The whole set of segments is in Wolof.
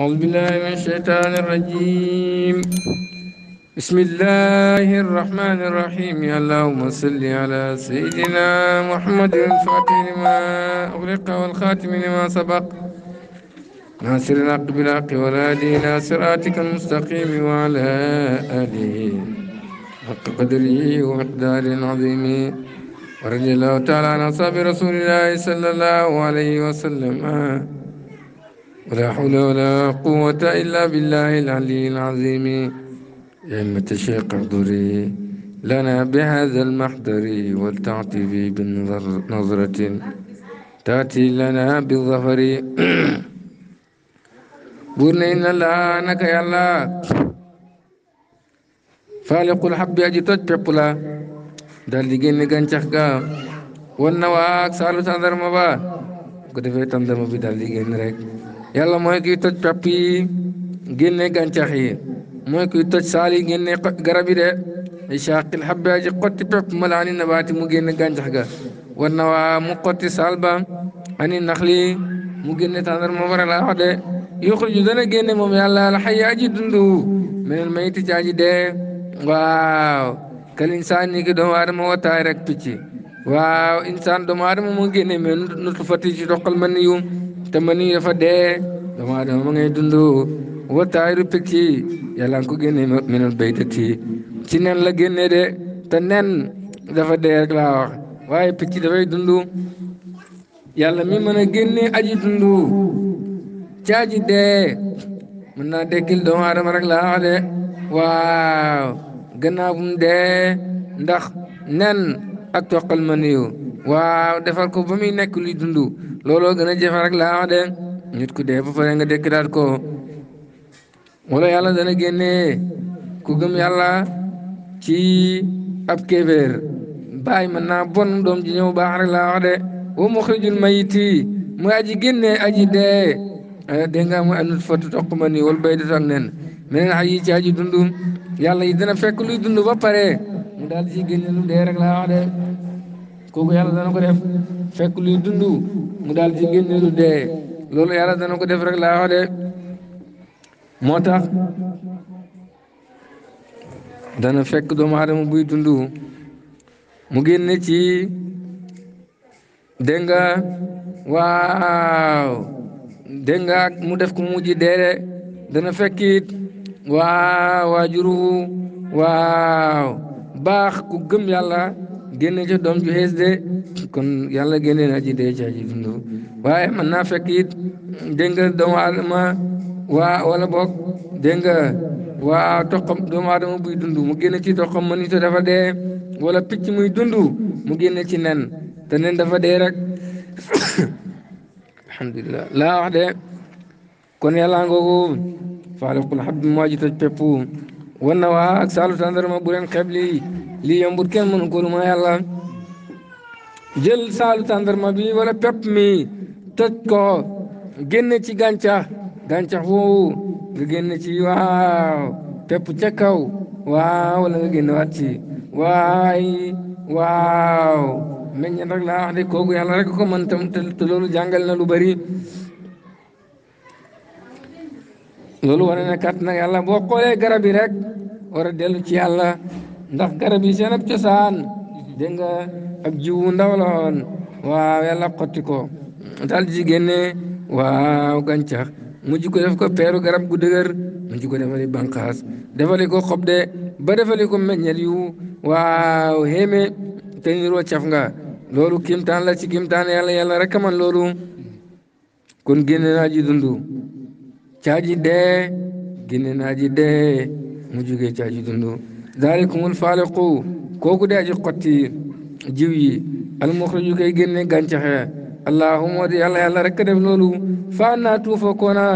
أعوذ بالله من الشيطان الرجيم بسم الله الرحمن الرحيم اللهم صل على سيدنا محمد الفاتح لما أغلق والخاتم لما سبق ناصر الحق بالحق والهادي إلى صراطك المستقيم وعلى آله حق قدره ومقدار عظيم ورضي الله تعالى عن أصحاب رسول الله صلى الله عليه وسلم ولا حول ولا قوة إلا بالله العلي العظيم يا أمة الشيخ احضري لنا بهذا المحضر ولتعطفي بنظرة تأتي لنا بالظفر بورنا إن الله أنك يا الله فالق الحب تجبب لا دال دي جيني gàncax ga wan na waag saalu tàndarma ba ko defee tàndarma bi daal di yàlla mooy kuy toj papp génne gàncax yi mooy kuy toj saal yi génne garab yi de li shaqil xabbi aji pepp mala ani nabaati mu génne gàncax ga war na waa mu xotti saal ba ani naxli mu génne tàndar ma war a laa wax de dana génne moom yàlla la xay aji dundu meneen mayiti ci aji dee waaw kal insaan ni ki doomu rek picc waaw insaan doomu aadama génne mais nu tufati doqal ma niyu te ma nii dafa dee doomu aadama ma ngay dund wataayiru picc yi yàlla nga ko génnee minal ci nen la génnee de te nen dafa dee rek laa wax waaye picc dafay dund yàlla mi mën a génnee aji dund ci dee mën naa dekkil doomu aadama rek laa wax waaw gannaaw bu dee ndax nen ak toqal ma niyu waaw defar ko ba muy nekk luy dund looloo gën a jafe rek laa wax de nit ku dee ba pare nga dékkidaat ko wala yàlla dana génne ku gëm yàlla ci ab kéeféer bàyyi mën naa bon doom ji ñëw baax rek laa wax de wa muxrijul mayiti muy aji génnee aji dee eh, dégg nga muy anut fatu toq ma nii wala bay di toog nen meneen xay yi aji dund yàlla i dana fekk luy dund ba pare mu daal ci génne lu dee rek laa wax kooku yàlla dana ko def fekk luy dund mu daal ci génne lu dee loolu yàlla dana ko def rek laa wax de moo tax dana fekk doomu aadama buy dund mu génne ci dégg nga waaw dégg mu def ko mujj deere dana fekk it waaw waajuru waaw baax ku gëm yàlla génne ca doom ju xees de kon yàlla génne na ji dee ca ji dundu waaye mën naa fekk it dégg nga doomu waa wala boog dégg nga waa toqam doomu aadama buy dund mu génne ci toqam mën it dafa dee wala picc muy dund mu génne ci nen te nen dafa dee rek alhamdulilah laa wax de kon yàlla ngoogu faaliqul xabbi moo ji toj peppu wan waa ak saalu tàndarma bu leen xeeb lii lii yombut kenn mënu ko lu ma jël saalu tàndarma bi wala pepp mi toj ko génne ci gàncax gàncax woowu nga génne ci waaw pepp ca waaw wala nga génne waat ci waay waaw meññeen rek laa de kooku yàlla rek ko man tam te loolu na lu bari loolu war na kàttan ak yàlla boo xoolee garab yi rek war a dellu ci yàlla ndax garab yi seen ab cosaan dégg nga ab jiwu ndaw la woon waaw yàlla xotti ko daal di génne waaw gàncax mujj ko def ko peeru garab gu dëgër mujj ko defali bànqaas defali ko xob de ba defali ko meññal yu waaw xéeme te niroo caf nga loolu kimtaan la ci kimtaan yàlla yàlla rek man loolu kon génne naa caaji dee génne naa ji dee mu jugee caaji dundu zaalikumul faaliqu kooku dee aji xotti jiw yi almuxriju koy génne gàncaxe allahuma di yàlla yàlla rek def loolu fa naa tuufa koona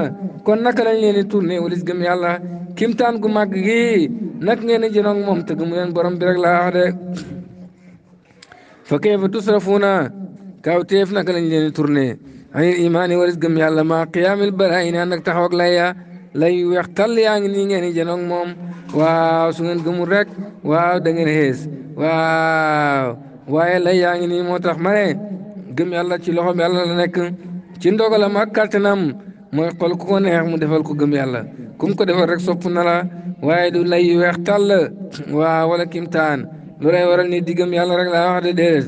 kon naka lañ leen di tourné walis gëm yàlla kimtaan gu mag gi nak ngeen di moom te gëmu leen borom bi rek laa wax de fa kayfa tusrafuuna kaaw teef naka lañ leen di anil imani waris gëm yàlla ya maa qiyaamil baraay naan nag taxaw ak lay lay weex tal yaa ngi nii ngeen di janoog moom waaw su ngeen gëmul rek waaw da ngeen xees waaw waaye lay yaa ngi nii moo tax ma ne gëm yàlla ya ci loxoom yàlla ya la nekk ci ndogalam ak kàttanam mooy xol ku ko neex la waaye wala kim lu lay waral ni di gëm yàlla rek laa wax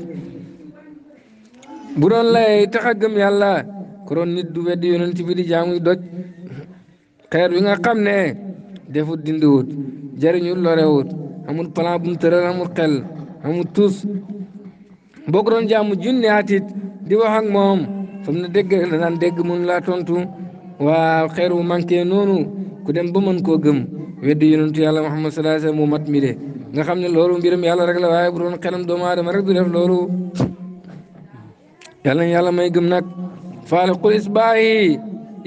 bu doon lay tax a gëm yàlla koroon nit du weddi yonent bi di jaamuy doj xeer wi nga xam ne defut dindiwut jariñul lorewut amul plan bu mu tëral amul xel amul tus boo ko doon jaamu junni atit di wax ak moom fam na dégg na naan dégg mun laa tontu waaw xeer wu manqué noonu ku dem ba mën koo gëm weddi yonentu yàlla Muhammad sallallahu alayhi wasallam mu mat mi nga xam ne loolu mbiram yàlla rek la waaye bu doon xelam doomu aadama rek du def loolu yàlla na yàlla may gëm nag faale qul isbaahi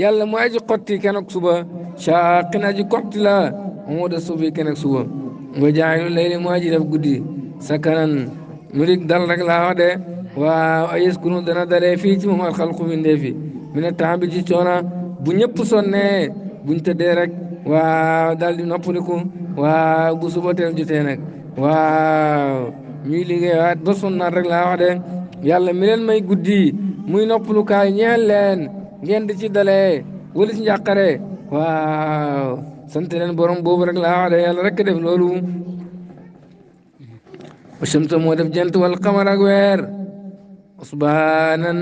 yàlla mu aji xotti kenn suba saaqin aji xotti la moo da suufi kenn ak suba nga jaayu layli mu aji def guddi sakanan mu rik dal rek laa wax de waaw ayes kunu dana dalee fii ci moom alxalqu bindee fi mi ne temps bi ci coona bu ñëpp sonnee buñ tëddee rek waaw daal di noppaliku waaw bu suba teel jotee nag waaw ñuy liggéey waat ba sonnaat rek laa wax de yàlla mi leen may guddi muy noppalukaay ñeel leen ngeen di ci dalee wala ci njàqare waaw sant leen borom boobu rek laa wax de yàlla rek def loolu wa shamsa moo def jant wal qamar ak weer usbaanan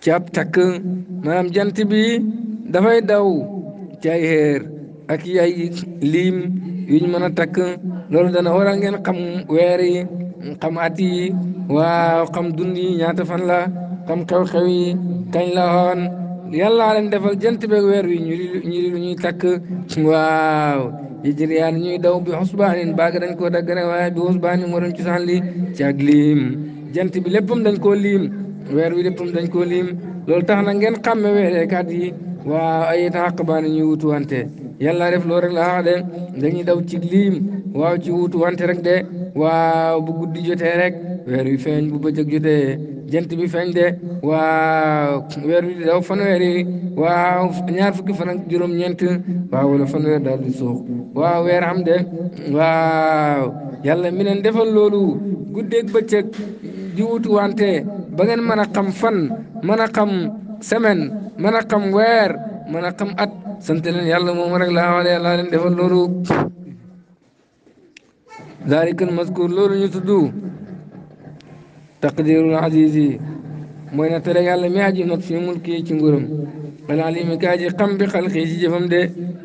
ci ab takk maanaam jant bi dafay daw ci ay xeer ak ay liim yuñ mën a takk loolu dana war ngeen xam weer xam at yi waaw xam dund yi ñaata fan la xam xew-xew yi kañ la woon yàllaa leen defal jant beeg weer wi ñu di lu ñuy takk waaw yi jëriyaan ñuy daw bi xusbaanin baaga dañ koo daggane waaye bi xusbaanin moo doon cosaan li ci ak liim jant bi léppam dañ ko liim weer wi léppam dañ koo liim loolu tax na ngeen xàmme weereekat yi waaw ay ta xàq baani ñuy wutuwante yàlla def loolu rek la xax de dañuy daw ci liim waaw ci wutuwante rek de waaw bu guddi jotee rek weer wi feeñ bu bëccëg jotee jent bi feeñ de waaw weer wi daw fanweer yi waaw ñaar fukki fan ak juróom-ñeent waaw wala fanweer daal di suux waaw weer am de waaw yàlla mi leen defal loolu guddeeg bëccëg di wante ba ngeen mën a xam fan mën a xam semaine mën a xam weer mën a xam at sant leen yàlla moom rek laa wala yàlla leen defal loolu zalikal mazkur loolu ñu tudd taqdirul aziz yi mooy na tere yàlla mi aji not fi mulki ci nguuram alalimi ka aji xam bi xalqi jëfam de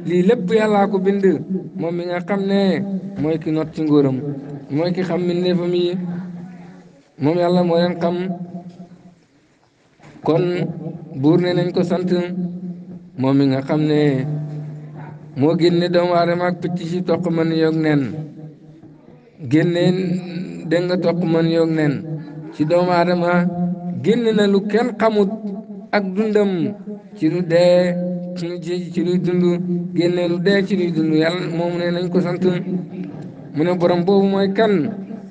lii lépp yàllaa ko bind moom mi nga xam ne mooy ki not ci nguuram mooy ki xam mbindeefam yi moom yàlla moo leen xam kon buur ne nañ ko sant moom mi nga xam ne moo génne doomu aadama ak picc ci toq mën yoog nen génneen dégg nga toq man yoog nen ci doomu aadama génne na lu kenn xamut ak dundam ci lu dee ci luy dund génne lu dee ci luy dund yàlla moom ne nañ ko sant mu ne borom boobu mooy kan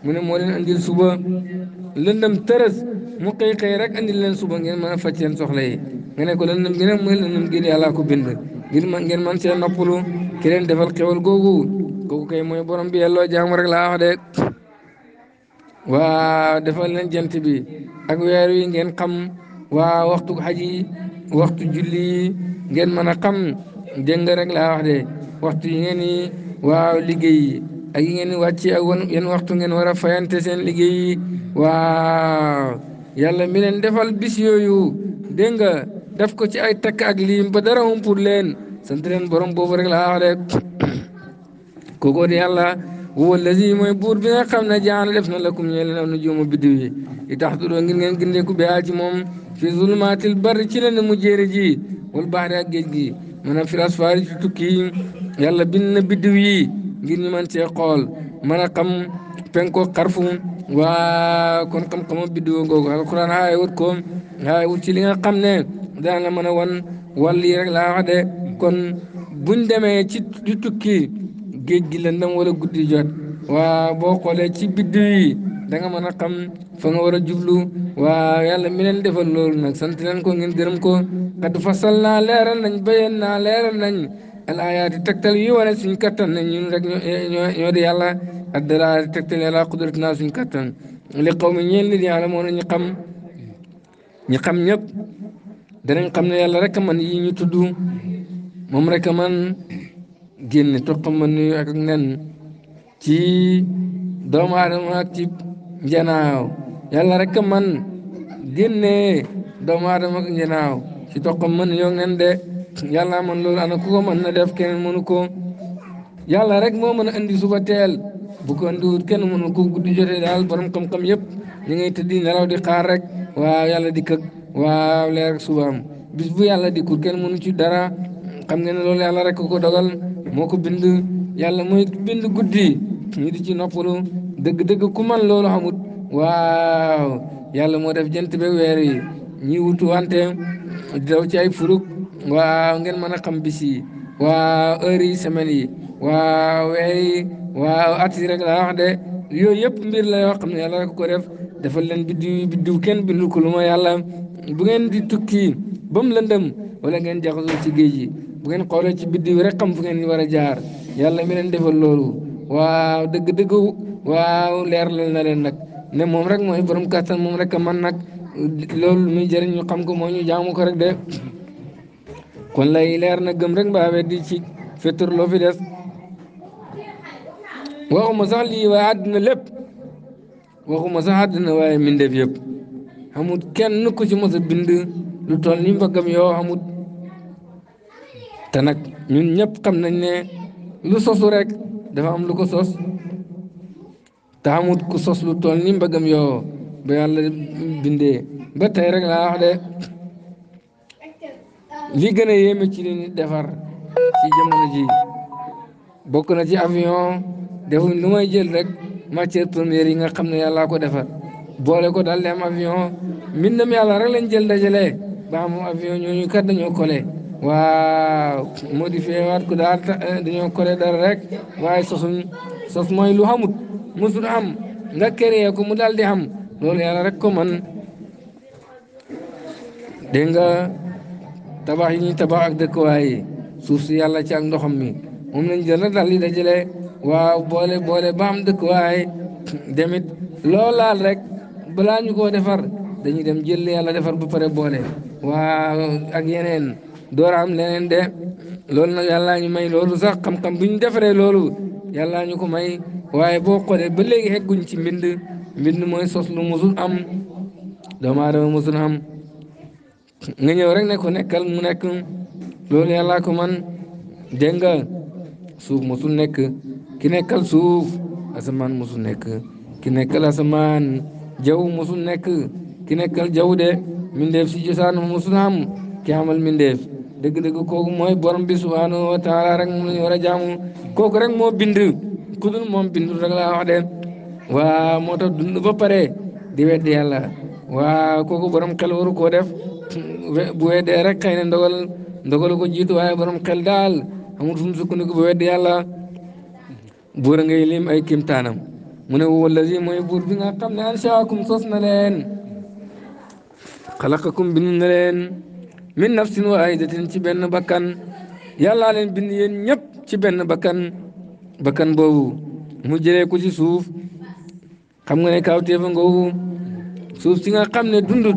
mu ne moo leen andil suba lëndëm tërës mu xëy xëy rek andil leen suba ngeen mën a faj soxla yi nga ne ko lëndëm gi nag mooy lëndëm gi yàlla ko bind ngeen man seen noppalu ki leen defal xewal googu kooku kay mooy borom bi yelloo jaamu rek laa wax de waaw defal leen jant bi ak weer wi ngeen xam waaw waxtu xaj yi waxtu julli ngeen mën a xam dégg nga rek laa wax de waxtu yi ngeen yi waaw liggéey yi ak yi ngeen wàcce ak wan yeen waxtu ngeen war a fayante seen liggéey yi waaw yàlla mi defal bis yooyu dégg nga def ko ci ay takk ak liim ba dara humpur leen سنترين برم بوفر لا عليك كوكور يالا هو الذي ما يبور بنا خمنا جان لفنا لكم يالا نجوم بدوي يتحضر وانجن انجن لكو بيالتي موم في ظلمات البر چلن مجيري جي والبحر اجي جي منا في الاسفار جتوكي يالا بنا بدوي جن من تيقول منا قم بنكو قرفو وا كون قم قم بدوي غوغو القرآن هاي وركم هاي وتشلين قمنا دانا منا وان واللي رك لا kon buñ demee ci tukki géej gi lëndëm wala guddi jot waa boo xoolee ci biddiw yi da nga mën a xam fa nga war a jublu waa yàlla mi leen defal loolu nag sant leen ko ngeen gërëm ko xad fasal naa leeral nañ bayeen naa leeral nañ al ayaati tegtal yi wane suñ kattan nañ ñun rek ñoo ñoo di yàlla addalaati tegtal yàlla qudrati naa suñ kattan li xaw moo na ñu xam xam ñëpp xam yàlla rek man yi ñu tudd moom rek a man génne toqam ma nuyu ak ak nen ci doomu adama ak ci njanaaw yàlla rek a man génne doom aadama ak njanaaw ci toqam ma nuyu ak nen de yàlla man loolu ana ku ko mën na def kenn mënu ko yàlla rek moo mën a andi suba teel bu ko kenn mënu ko guddi jotee daal borom xam-xam yëpp ñu ngay tëddi nelaw di xaar rek waaw yàlla di këg waaw leer ak subaam bis bu di kur kenn mënu ci dara xam nga ne loolu yàlla rekk ko dogal moo ko bind yàlla mooy bind guddi ñu di ci noppalu dëgg-dëgg ku man loolu xamut waaw yàlla moo def jant be weer yi wutu wante daw ci ay furuk waaw ngeen mën a xam bis yi waaw heure yi semaine yi waaw weer at yi rek de yooyu yëpp mbir la yoo xam ne yàlla ko def leen biddiw biddiw kenn bindu ko yàlla bu ngeen di tukki bam mu lëndëm wala ngeen jaxasoo ci géej yi bu ngeen xoolee ci biddiw rek xam fu ngeen war a jaar yàlla mi leen loolu waaw dëgg dëgg waaw leer lal na leen nag ne moom rek mooy borom kàttan moom rek man nag loolu muy jëriñ ñu xam ko moo ñu jaamu ko rek de kon lay leer nag gëm rek mbaa di ci fetur loo fi des waxuma sax lii waaye àddina lépp waxuma sax àddina waaye mbindeef yëpp amul kenn ci mos bind lu toll ni mbagam yoo amul te nag ñun ñëpp xam nañ ne lu sosu rek dafa am lu ko sos te amut ku sos lu toll ni mbëggam yoo ba yàlla bindee ba tey rek laa de li gën a yéeme ci li defar ci jamono ji na ci avion defuñ lu may jël rek matière première yi nga xam ne yàllaa ko defar boole ko daal di am avion mbindam yàlla rek lañ jël dajale ba am avion ñooñu kat dañoo kole waaw moo di feewaat ku daal eh, dañoo kole dara rek waaye sosuñ sos mooy lu xamut musul am nga créé ko mu daal di am loolu yàlla rek ko man dégg nga tabax yi ñuy tabax ak dëkkuwaay yi suuf si yàlla ci ak ndoxam mi moom lañ jël daal di dajale waaw boole boole ba am dëkkuwaay demit loolu laal rekk balaa ñu koo defar dañuy dem jël yàlla defar ba pare boole waaw ak yeneen door am leneen de loolu nag yàllaa ñu may loolu sax xam-xam bu ñu defaree loolu yàllaa ñu ko may waaye boo xoolee ba léegi egguñ ci mbind mbind mooy sos lu musul am doomu aadama musul am nga ñëw rek ne ko nekkal mu nekk loolu yàllaa ko man dégg suuf musul nekk ki nekkal suuf asamaan musul nekk ki nekkal asamaan jaww musul nekk ki nekkal jaww de mindeef si cosaan musul am ki amal mindeef dëgg-dëgg kooku mooy borom bi subhanahu wa taala rek moom la war a jaamu kooku rek moo bind ku dul moom bindu rek laa wax de waa moo tax dund ba pare di weddi yàlla waa kooku borom xel waru koo def bu weddee rek xëy na ndogal ndogal ko jiitu waaye borom xel daal amul fu mu sukkandiku bu weddi yàlla buur a ngay lim ay kimtaanam mu ne wallazi mooy buur bi nga xam ne anshaakum sos na leen xalaqakum bind na leen min nafsin waahidatin ci benn bakkan yàllaa leen bind yéen ñëpp ci benn bakkan bakkan boobu mu jëlee ko ci suuf xam nga ne kawteefa ngoogu suuf si nga xam ne dundut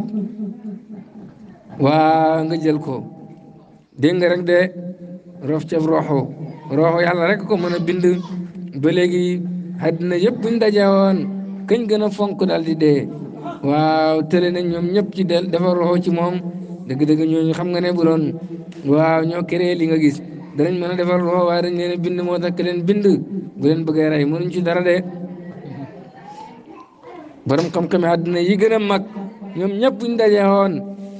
waa nga jël ko dégg nga rek de rof caf roxo roxo yàlla rek ko mën a bind ba léegi àddina yëpp buñ dajewoon gën a fonk daal di dee waaw tële ñoom ñëpp ci del roxo ci moom dëgg-dëgg ñooñu xam nga ne bu waaw ñoo créé li nga gis danañ mën a defar roo waaye dañ leen bind moo tax leen bind bu leen bëggee rey mënuñ ci dara de borom xam-xame àdduna yi gën a mag ñoom ñëpp buñ daje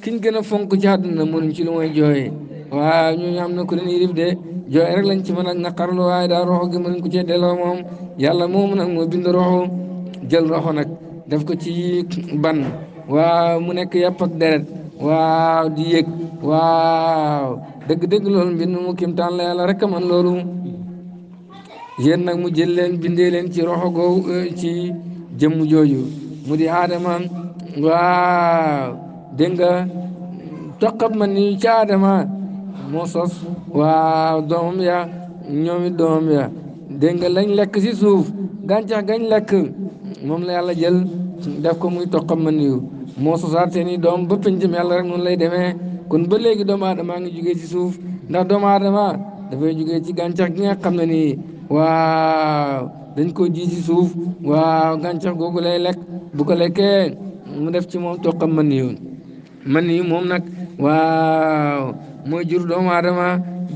kiñ gën a fonk ci àdduna mënuñ ci lu mooy waa waaw ñooñu am na ku leen yirif de rek lañ ci mën a naqarlu waaye daal roxo gi mënuñ ko cee delloo moom yàlla moomu nag moo bind roxo jël roxo nag def ko ci ban waaw mu nekk yàpp ak deret waaw di yëg waaw dëgg-dëgg loolu mbind mu kimtaan la yàlla rek man loolu yéen nag mu jël leen bindee leen ci roxo googu euh, ci jëmm jooju mu di aadama waaw dégg nga toqab man ni ci aadama moo sos waaw doomam ya ñoom doomam ya dégg nga lañ lekk si suuf gàncax gañ lekk moom la yàlla jël def ko muy toqab man yu moo sosaat seen i doom ba mee yàlla rek noonu lay demee kon ba léegi doomu aadama ngi jugee ci suuf ndax doomu aadama dafay jugee ci gàncax gi nga xam ne nii waaw dañ koo ji ci suuf waaw gàncax googu lay lekk bu ko lekkee mu def ci moom toqam man yoon man nii moom nag waaw mooy jur doom aadama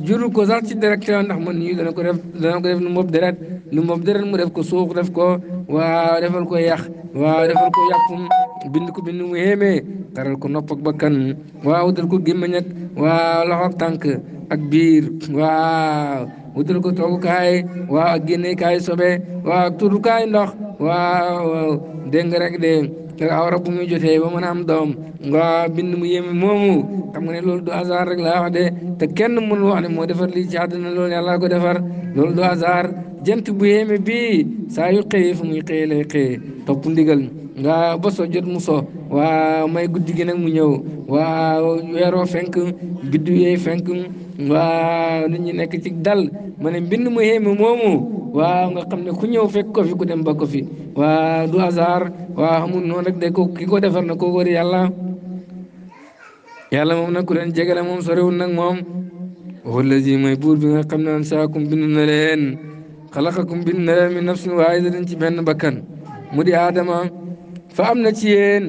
juru ko sax ci deret ndax man nii dana ko def dana ko def nu moom deret lu moom dëran mu def ko suux def ko waa defal ko yàq waa defal ko yàqum bind ko bind mu yéemee taral ko nopp ak bakkan waaw wutal ko gémmiñ ak waaw loxo ak tànk ak biir waaw wutal ko toogukaay waaw ak génneekaay sobe waaw ak turukaay ndox waaw dégg rek de aw rab bu muy jotee ba mën a am doom nga bind mu yéeme moomu xam nga ne loolu du hasard rek laa wax de te kenn mënul wax ne moo defar lii ci àddina loolu yàlla ko defar loolu du hasard jant bu yéeme bii saa yu xëyee fu muy xëyee lay xëyee topp ndigal waaw ba so jot mu so waaw may guddi gi nag mu ñëw waaw weeroo fenk biddu yee fenk waaw nit nekk ci dal ma ne mbind mu yéeme moomu waaw nga xam ne ku ñëw fekk ko ku dem ba ko fi waaw du hasard waaw xamul noonu rek de ko ki ko na ko wër yàlla yàlla moom nag ku leen jegele moom sorewul nag moom wallazi mooy buur bi nga xam ne ansaakum bind na leen xalaqakum bind na leen min nafsin waahidatin ci benn bakkan mu di aadama fa am na ci yéen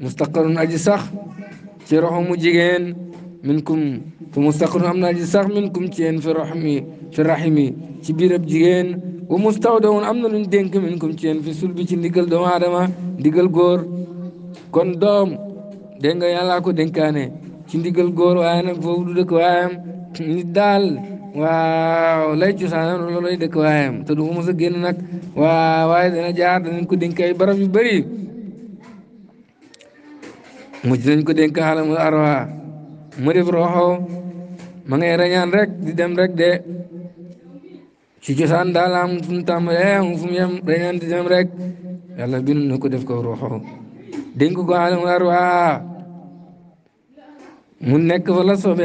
mustaqarun aji sax ci roxamu jigéen minkum fa mustaqarun am na aji sax minkum ci yéen fi raxmi fi raximi ci biirab jigéen wa mustawdawun am na luñ dénk minkum ci yéen fi sulbi ci ndigal doomu aadama ndigal góor kon doom dégg nga yàllaa ko dénkaane ci ndigal góor waaye nag foofu du dëkk waayam nit daal waaw lay cosaanam loolu lay dëkk waayam te du mos a génn nag waaw waaye dana jaar danañ ko dénk ay barab yu bëri mujj nañ ko dénk xaalamu arwa mu def roxo ma ngay rañaan rek di dem rek de ci cosaan daal am fu mu tàmbalee am fu mu yem rek yàlla bind na ko def ko roxo dénk ko xaalamu mu nekk fa la soob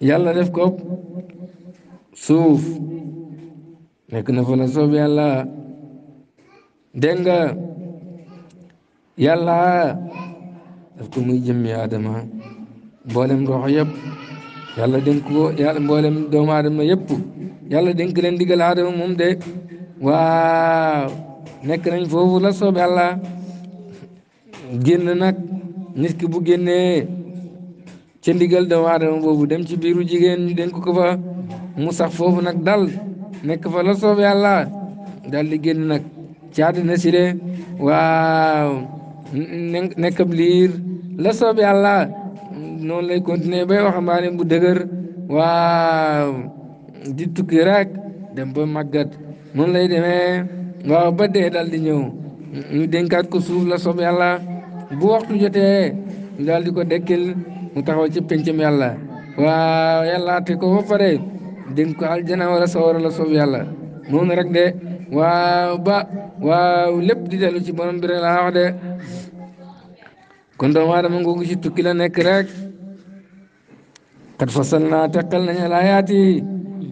yàlla def ko suuf nekk na fa na soob yàlla dégg nga yàlla daf ko muy jëmmi aadama mboolem roxo yëpp yàlla dénk ko yàlla mboolem doomu aadama yëpp yàlla dénk leen digal aadama moom de waaw nekk nañ foofu la soob yàlla génn nit ki bu génnee ca doomu aadama boobu dem ci biiru jigéen ñu dénk ko fa mu sax foofu nag dal nekk fa la soob yàlla di génn nag caadi na si de waaw nekkab liir la soob yàlla noonu lay continuer bay waxambaane bu dëgër waaw di tukki rek dem ba màggat noonu lay demee waaw ba dee dal di ñëw ñu dénkaat ko suuf la soob bu waxtu jotee ñu daal ko dekkil mu taxaw ci pencam yàlla waaw yàlla te ko ba pare dénk ko aljana wala sawara la soob yàlla noonu rek de waaw ba waaw lépp di dellu ci borom bi rek laa wax de kon doomu ci tukki nekk rek kat fasal naa teqal nañu laayaati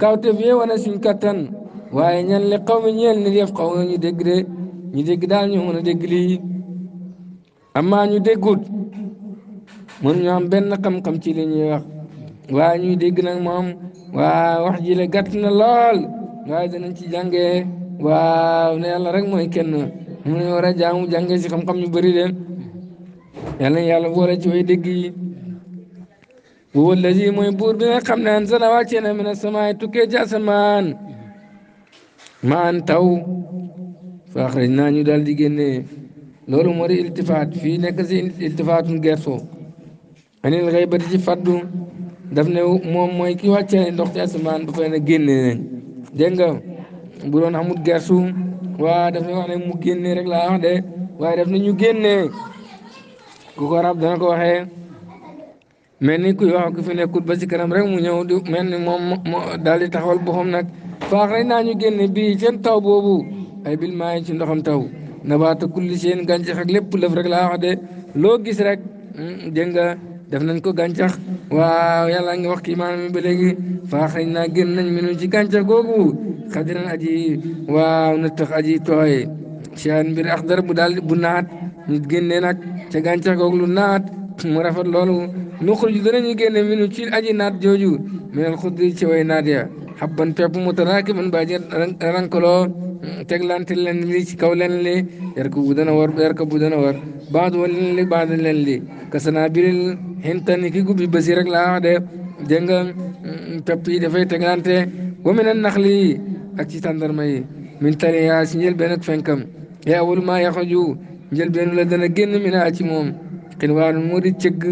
kawte bi wane suñ kattan waaye ñan li xaw mi ñeel nit yëf xaw ñu dégg de ñu dégg daal ñu mën a dégg lii amaa ñu déggut mënuñu am benn xam-xam ci li ñuy wax waaye ñuy dégg nag moom waa wax ji la gàtt na lool waaye danañ ci jàngee waaw ne yàlla rek mooy kenn mu ne war a jaamu jàngee si xam-xam yu bëri de yàlla yàlla boole ci way dégg yi wowal la mooy buur bi nga xam ne an sana wàccee na mina samaay tukkee ci asamaan maan taw faaxraj naa ñu dal di génnee loolu moo di iltifaat fii nekk si iltifaatun gerto anil xaybati ci faddu daf ne moom mooy ki ndox ci asamaan ba fay ne génne nañ dégg waa daf ne wax ne mu génne rek laa wax de waaye daf ne ñu ko rab dana ni kuy wax ku fi nekkut ba ci kanam rek mu ñëw du mel ni moom daal di taxawal boppam nag faax rek naa ñu génne bii seen taw boobu ay bil maa ci ndoxam taw nabaata kulli seen gàncax ak lépp lëf rek laa wax de loo gis rek hmm, dégg def nañ ko gàncax waaw yàlla ngi wax kii maanaam ba léegi faaxañ naa génn nañ minu ci gàncax googu xadiran aji waaw na tax aji tooy seen mbir axdar bu daal bu naat ñu génnee nag ca gàncax googu lu naat mu rafet loolu nuxruju danañu génne minu ci aji naat jooju minal xudri ci way naat ya xabban pepp mutaraakiban baaji rankaloo teglante leen li ci kaw leen li yarka bu dana war yarka bu dana war baadu wa leen li baadu leen li kasanaa biril hintani ki gubbi basi rek laa wax de dégg nga mm, pepp yi dafay teglante wa min an naxli ak ci tàndarma yi min taliyaa si njëlbeen ak fenkam yaa awalu maa yaxaju njëlbeenu la dana génn mina ci moom xilwaanu murit cëgg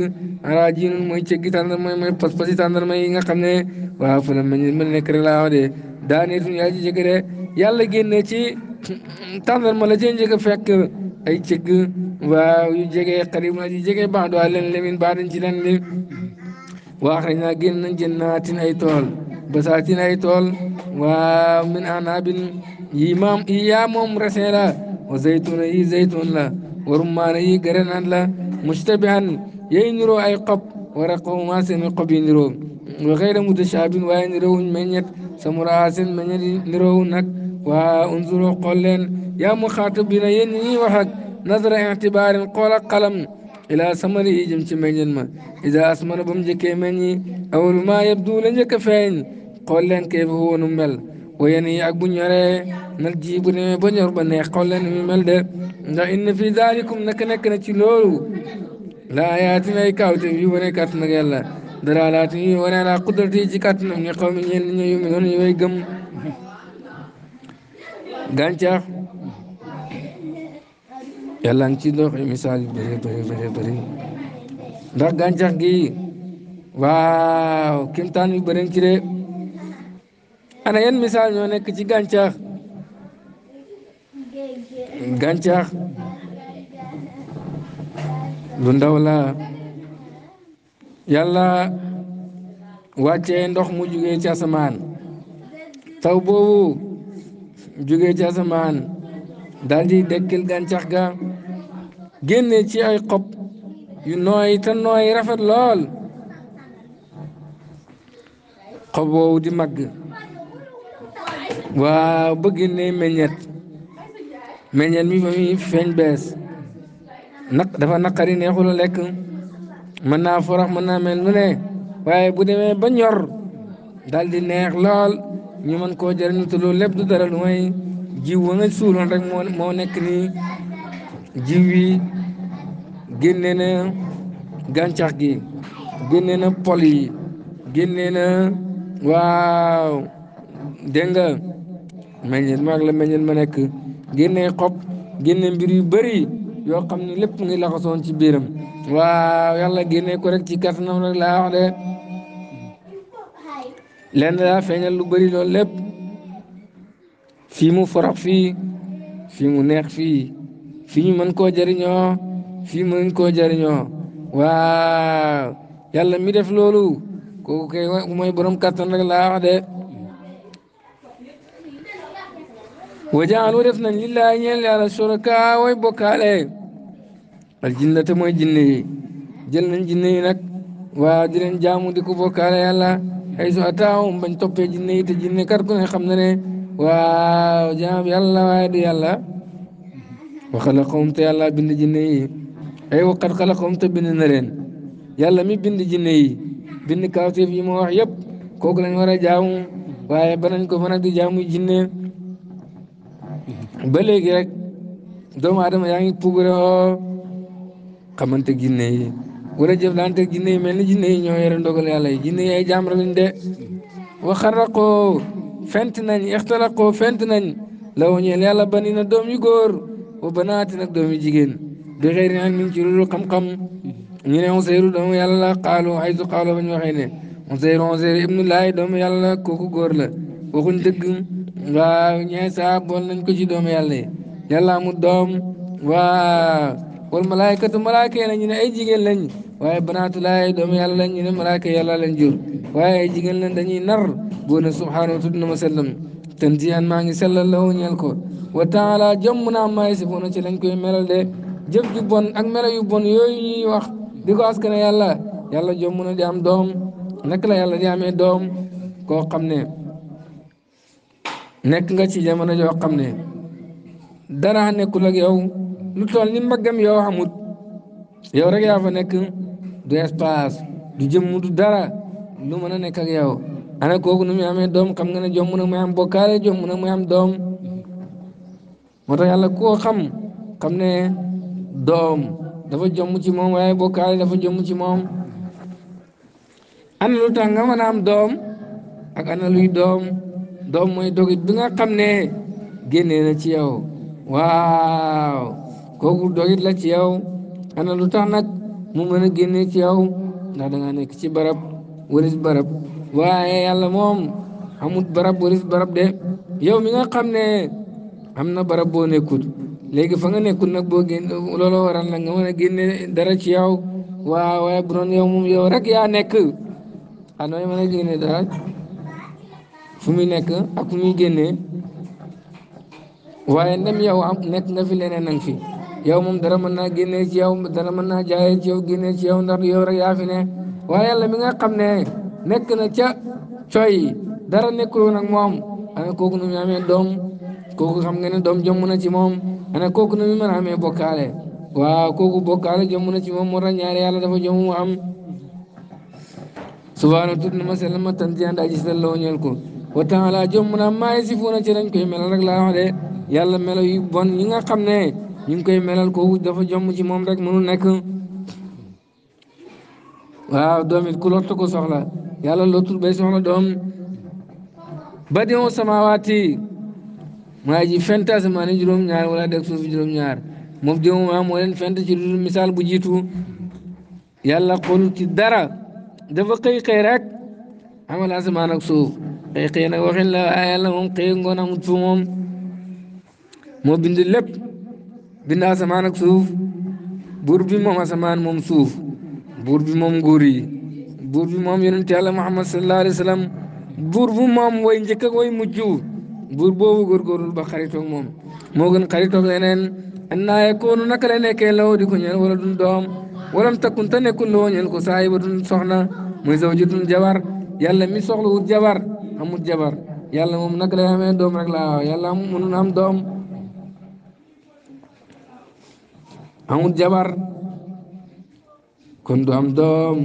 arajiinun mooy cëggi tàndarma yi mooy pas-pasi tàndarma yi nga xam ne waaw fa la mañ mën nekk rek laa wax de daaneetun yaa ji jëgg de yàlla génne ci tàndarma la cee njëkk a fekk ay cëgg waaw yu jege xarib yu jege baax du leen lemin baax dañ ci leen li waax nañ naa génn nañ jënnaatin ay tool basaatin ay tool waaw min anaabin yi maam yi yaa moom resin la wa zaytuna yi zaytun la wa rummaana yi garenaan la مشتبها ينرو أي قب ورقه ما سن قب ينرو وغير متشابه وينرو من يت سمراس من ينرو نك وانظروا قلن يا مخاطبين يني وحد نظر اعتبار قول قلم إلى سمره إيجم من ينما إذا أسمر بمجك مني أول ما يبدو لنجك فين قلن كيف هو نمل ويني أقبن يري nag ji bu demee ba ñor ba neex xool leen mi mel de ndax inna fi daalikum naka nekk na ci loolu la ayaatin ay kaawteef yu wane kàttan ak yàlla dara laati wane ala qudrati yi ci kàttanam ñu xaw mi ñeen ñi ñu way gëm gàncax yàlla ngi ci dox misaal yu bëri bëri bëri bëri ndax gàncax gi waaw kimtaan yu bëri ci de ana yan misaal ñoo nekk ci gàncax gàncax lu ndaw la yàlla wàccee ndox mu jóge ci asamaan taw boobu jóge ci asamaan daldi di dekkil gàncax ga génne ci ay xob yu nooy te nooy rafet lool xob di màgg waaw ba génne meññet meññeen mi fa muy feeñ bees naq dafa naqari neexul a lekk mën naa forox mën naa mel nu ne waaye bu demee ba ñor daldi neex lool ñu mën koo jëriñu te loolu lépp du dara lu may jiw wa nga suuloon rek moo moo nekk nii jiw yi génne na gàncax gi génne na pol yi génne na waaw dégg nga meññeen maag la meññeen ma nekk génnee xob génne mbir yu bari yoo xam ne lépp ngi laxasoon ci biiram waaw yàlla génne ko rek ci kattanam rek laa wax de lenn daa feeñal lu bari loolu lépp fii mu forax fii fii mu neex fii fii ñu mën koo jëriñoo fii mën koo jëriñoo waaw yàlla mi def loolu kooku kay mooy borom kattan rek laa wax de wajaalu def nañ lillaahi ñeel yàlla shuraka way bokkaale al jinnata mooy jinne yi jël nañ jinne yi nag waa di jaamu di ko bokkaale yàlla ay su ataawum bañ toppee jinne yi te jinne kat ku ne xam na ne waaw jaam yàlla waaye du yàlla wa xalaqahum te yàlla bind jinne yi ay waqat xalaqahum te bind na leen yàlla mi bind jinne yi bind kawteef yi ma wax yëpp kooku lañ war a jaamu waaye banañ ko mën a di jaamu jinne ba léegi rek doomu aadama yaa ngi puugaroo xamante ginne yi wala jëflante ginne yi mel ni ginne yi ñoo yore ndogal yàlla yi ginne yi ay jaam lañ de waxaraqoo fent nañ ixtaraqoo fent nañ la woñeel yàlla bani na doom yu góor wa banaati doom yu jigéen bi xëyri naan min ci loolu xam-xam yàlla la xaalu ay su xaalu ba ñu waxee ne Useyru Useyru ibnu Laay doomu yàlla kooku góor la waxuñ dëgg waaw ñee saa bool nañ ko ci doom yàlla yi yàlla doom waaw wal malaayikatu malaaka yi ñu ne ay jigéen lañ waaye banaatu laay doom yàlla lañ ñu ne malaaka yàlla lañ jur waaye ay jigéen lañ dañuy nar boo ne subhaanahu tudd na ma sellam maa ngi sellal la ñeel ko wa taala jomm naa maay si boona ci lañ koy melal de jëf ju bon ak melo yu bon yooyu ñuy wax di ko askane yàlla yàlla jomm na di am doom naka la yàlla di doom koo xam ne nekk nga ci jamono joo xam ne dara nekkul ak yow lu toll ni mbaggam yow xamut yow rek yaa fa nekk du espace du jëmm dara lu mën a nekk ak yow ana kooku nu muy amee doom xam nga ne jomb na muy am bokkaale jomb mu am doom yàlla koo xam xam ne doom dafa jomb ci moom waaye bokkaale dafa jomb ci moom ana lu tax nga mën a doom ak ana doom doom mooy dogit bi nga xam ne génnee na ci yow waaw kooku dogit la ci yow ana lu tax nag mu mën a génnee ci yow da nga nekk ci barab waris barab waaye yàlla moom amut barab waris barab de yow mi nga xam ne am na barab boo nekkul léegi fa nga nekkul nag boo génn looloo waral nag nga mën a génne dara ci yow waaw waaye bu doon yow moom rek yaa nekk xanaa ah, mën a génne dara fu muy nekk ak fu muy génnee waaye ndem yow am nekk nga fi leneen nang fi yow moom dara mën naa génnee ci yow dara mën naa jaayee ci yow génnee ci yow ndax yow rek yaa fi ne waaye yàlla mi nga xam ne nekk na ca coy dara nekkul woon ak moom ana kooku nu mu amee doom kooku xam nga doom jomb na ci moom ana kooku nu mu mën a amee bokkaale waaw kooku bokkaale jomb na ci moom moo tax ñaari yàlla dafa jomb mu am subhaana tudd na ma sell ma tanti ànd aji selloo ñeel ko wa taala jommu naa maa ngi si fuuna ci dañ koy melal rek laa wax de yàlla melo yu bon yi nga xam ne ñu ngi koy melal kooku dafa jomm ci moom rek mënu nekk waaw doom it ku lottu ko soxla yàlla lottul bay soxla doom badion samawaati maa ji fent asamaan yi juróom-ñaar wala deg suufi juróom-ñaar moom démom ma moo leen fent ci dul misaal bu jiitu yàlla ci dara dafa xëy xëy rek amal asamaan ak suuf day xëy nag waxin la waaye yàlla moom xëy ngoon amut moo bind lépp bind asamaan ak suuf buur bi moom asamaan moom suuf buur bi moom nguur yi buur bi moom yonent yàlla muhammad sallallahu alayhi wa bu moom way njëkk ak way mujj buur boobu góorgóorlu ba xaritoog moom moo gën xaritoog leneen annaa yakoonu naka la nekkee law di ko ñeel wala dun doom walam takkun ta nekkul loo ñeel ko saahibatun soxna muy jabar yàlla mi soxla wut jabar amul jabar yàlla moom nag lay amee doom rek laa waaw yàlla mënul am doom jabar kon du am doom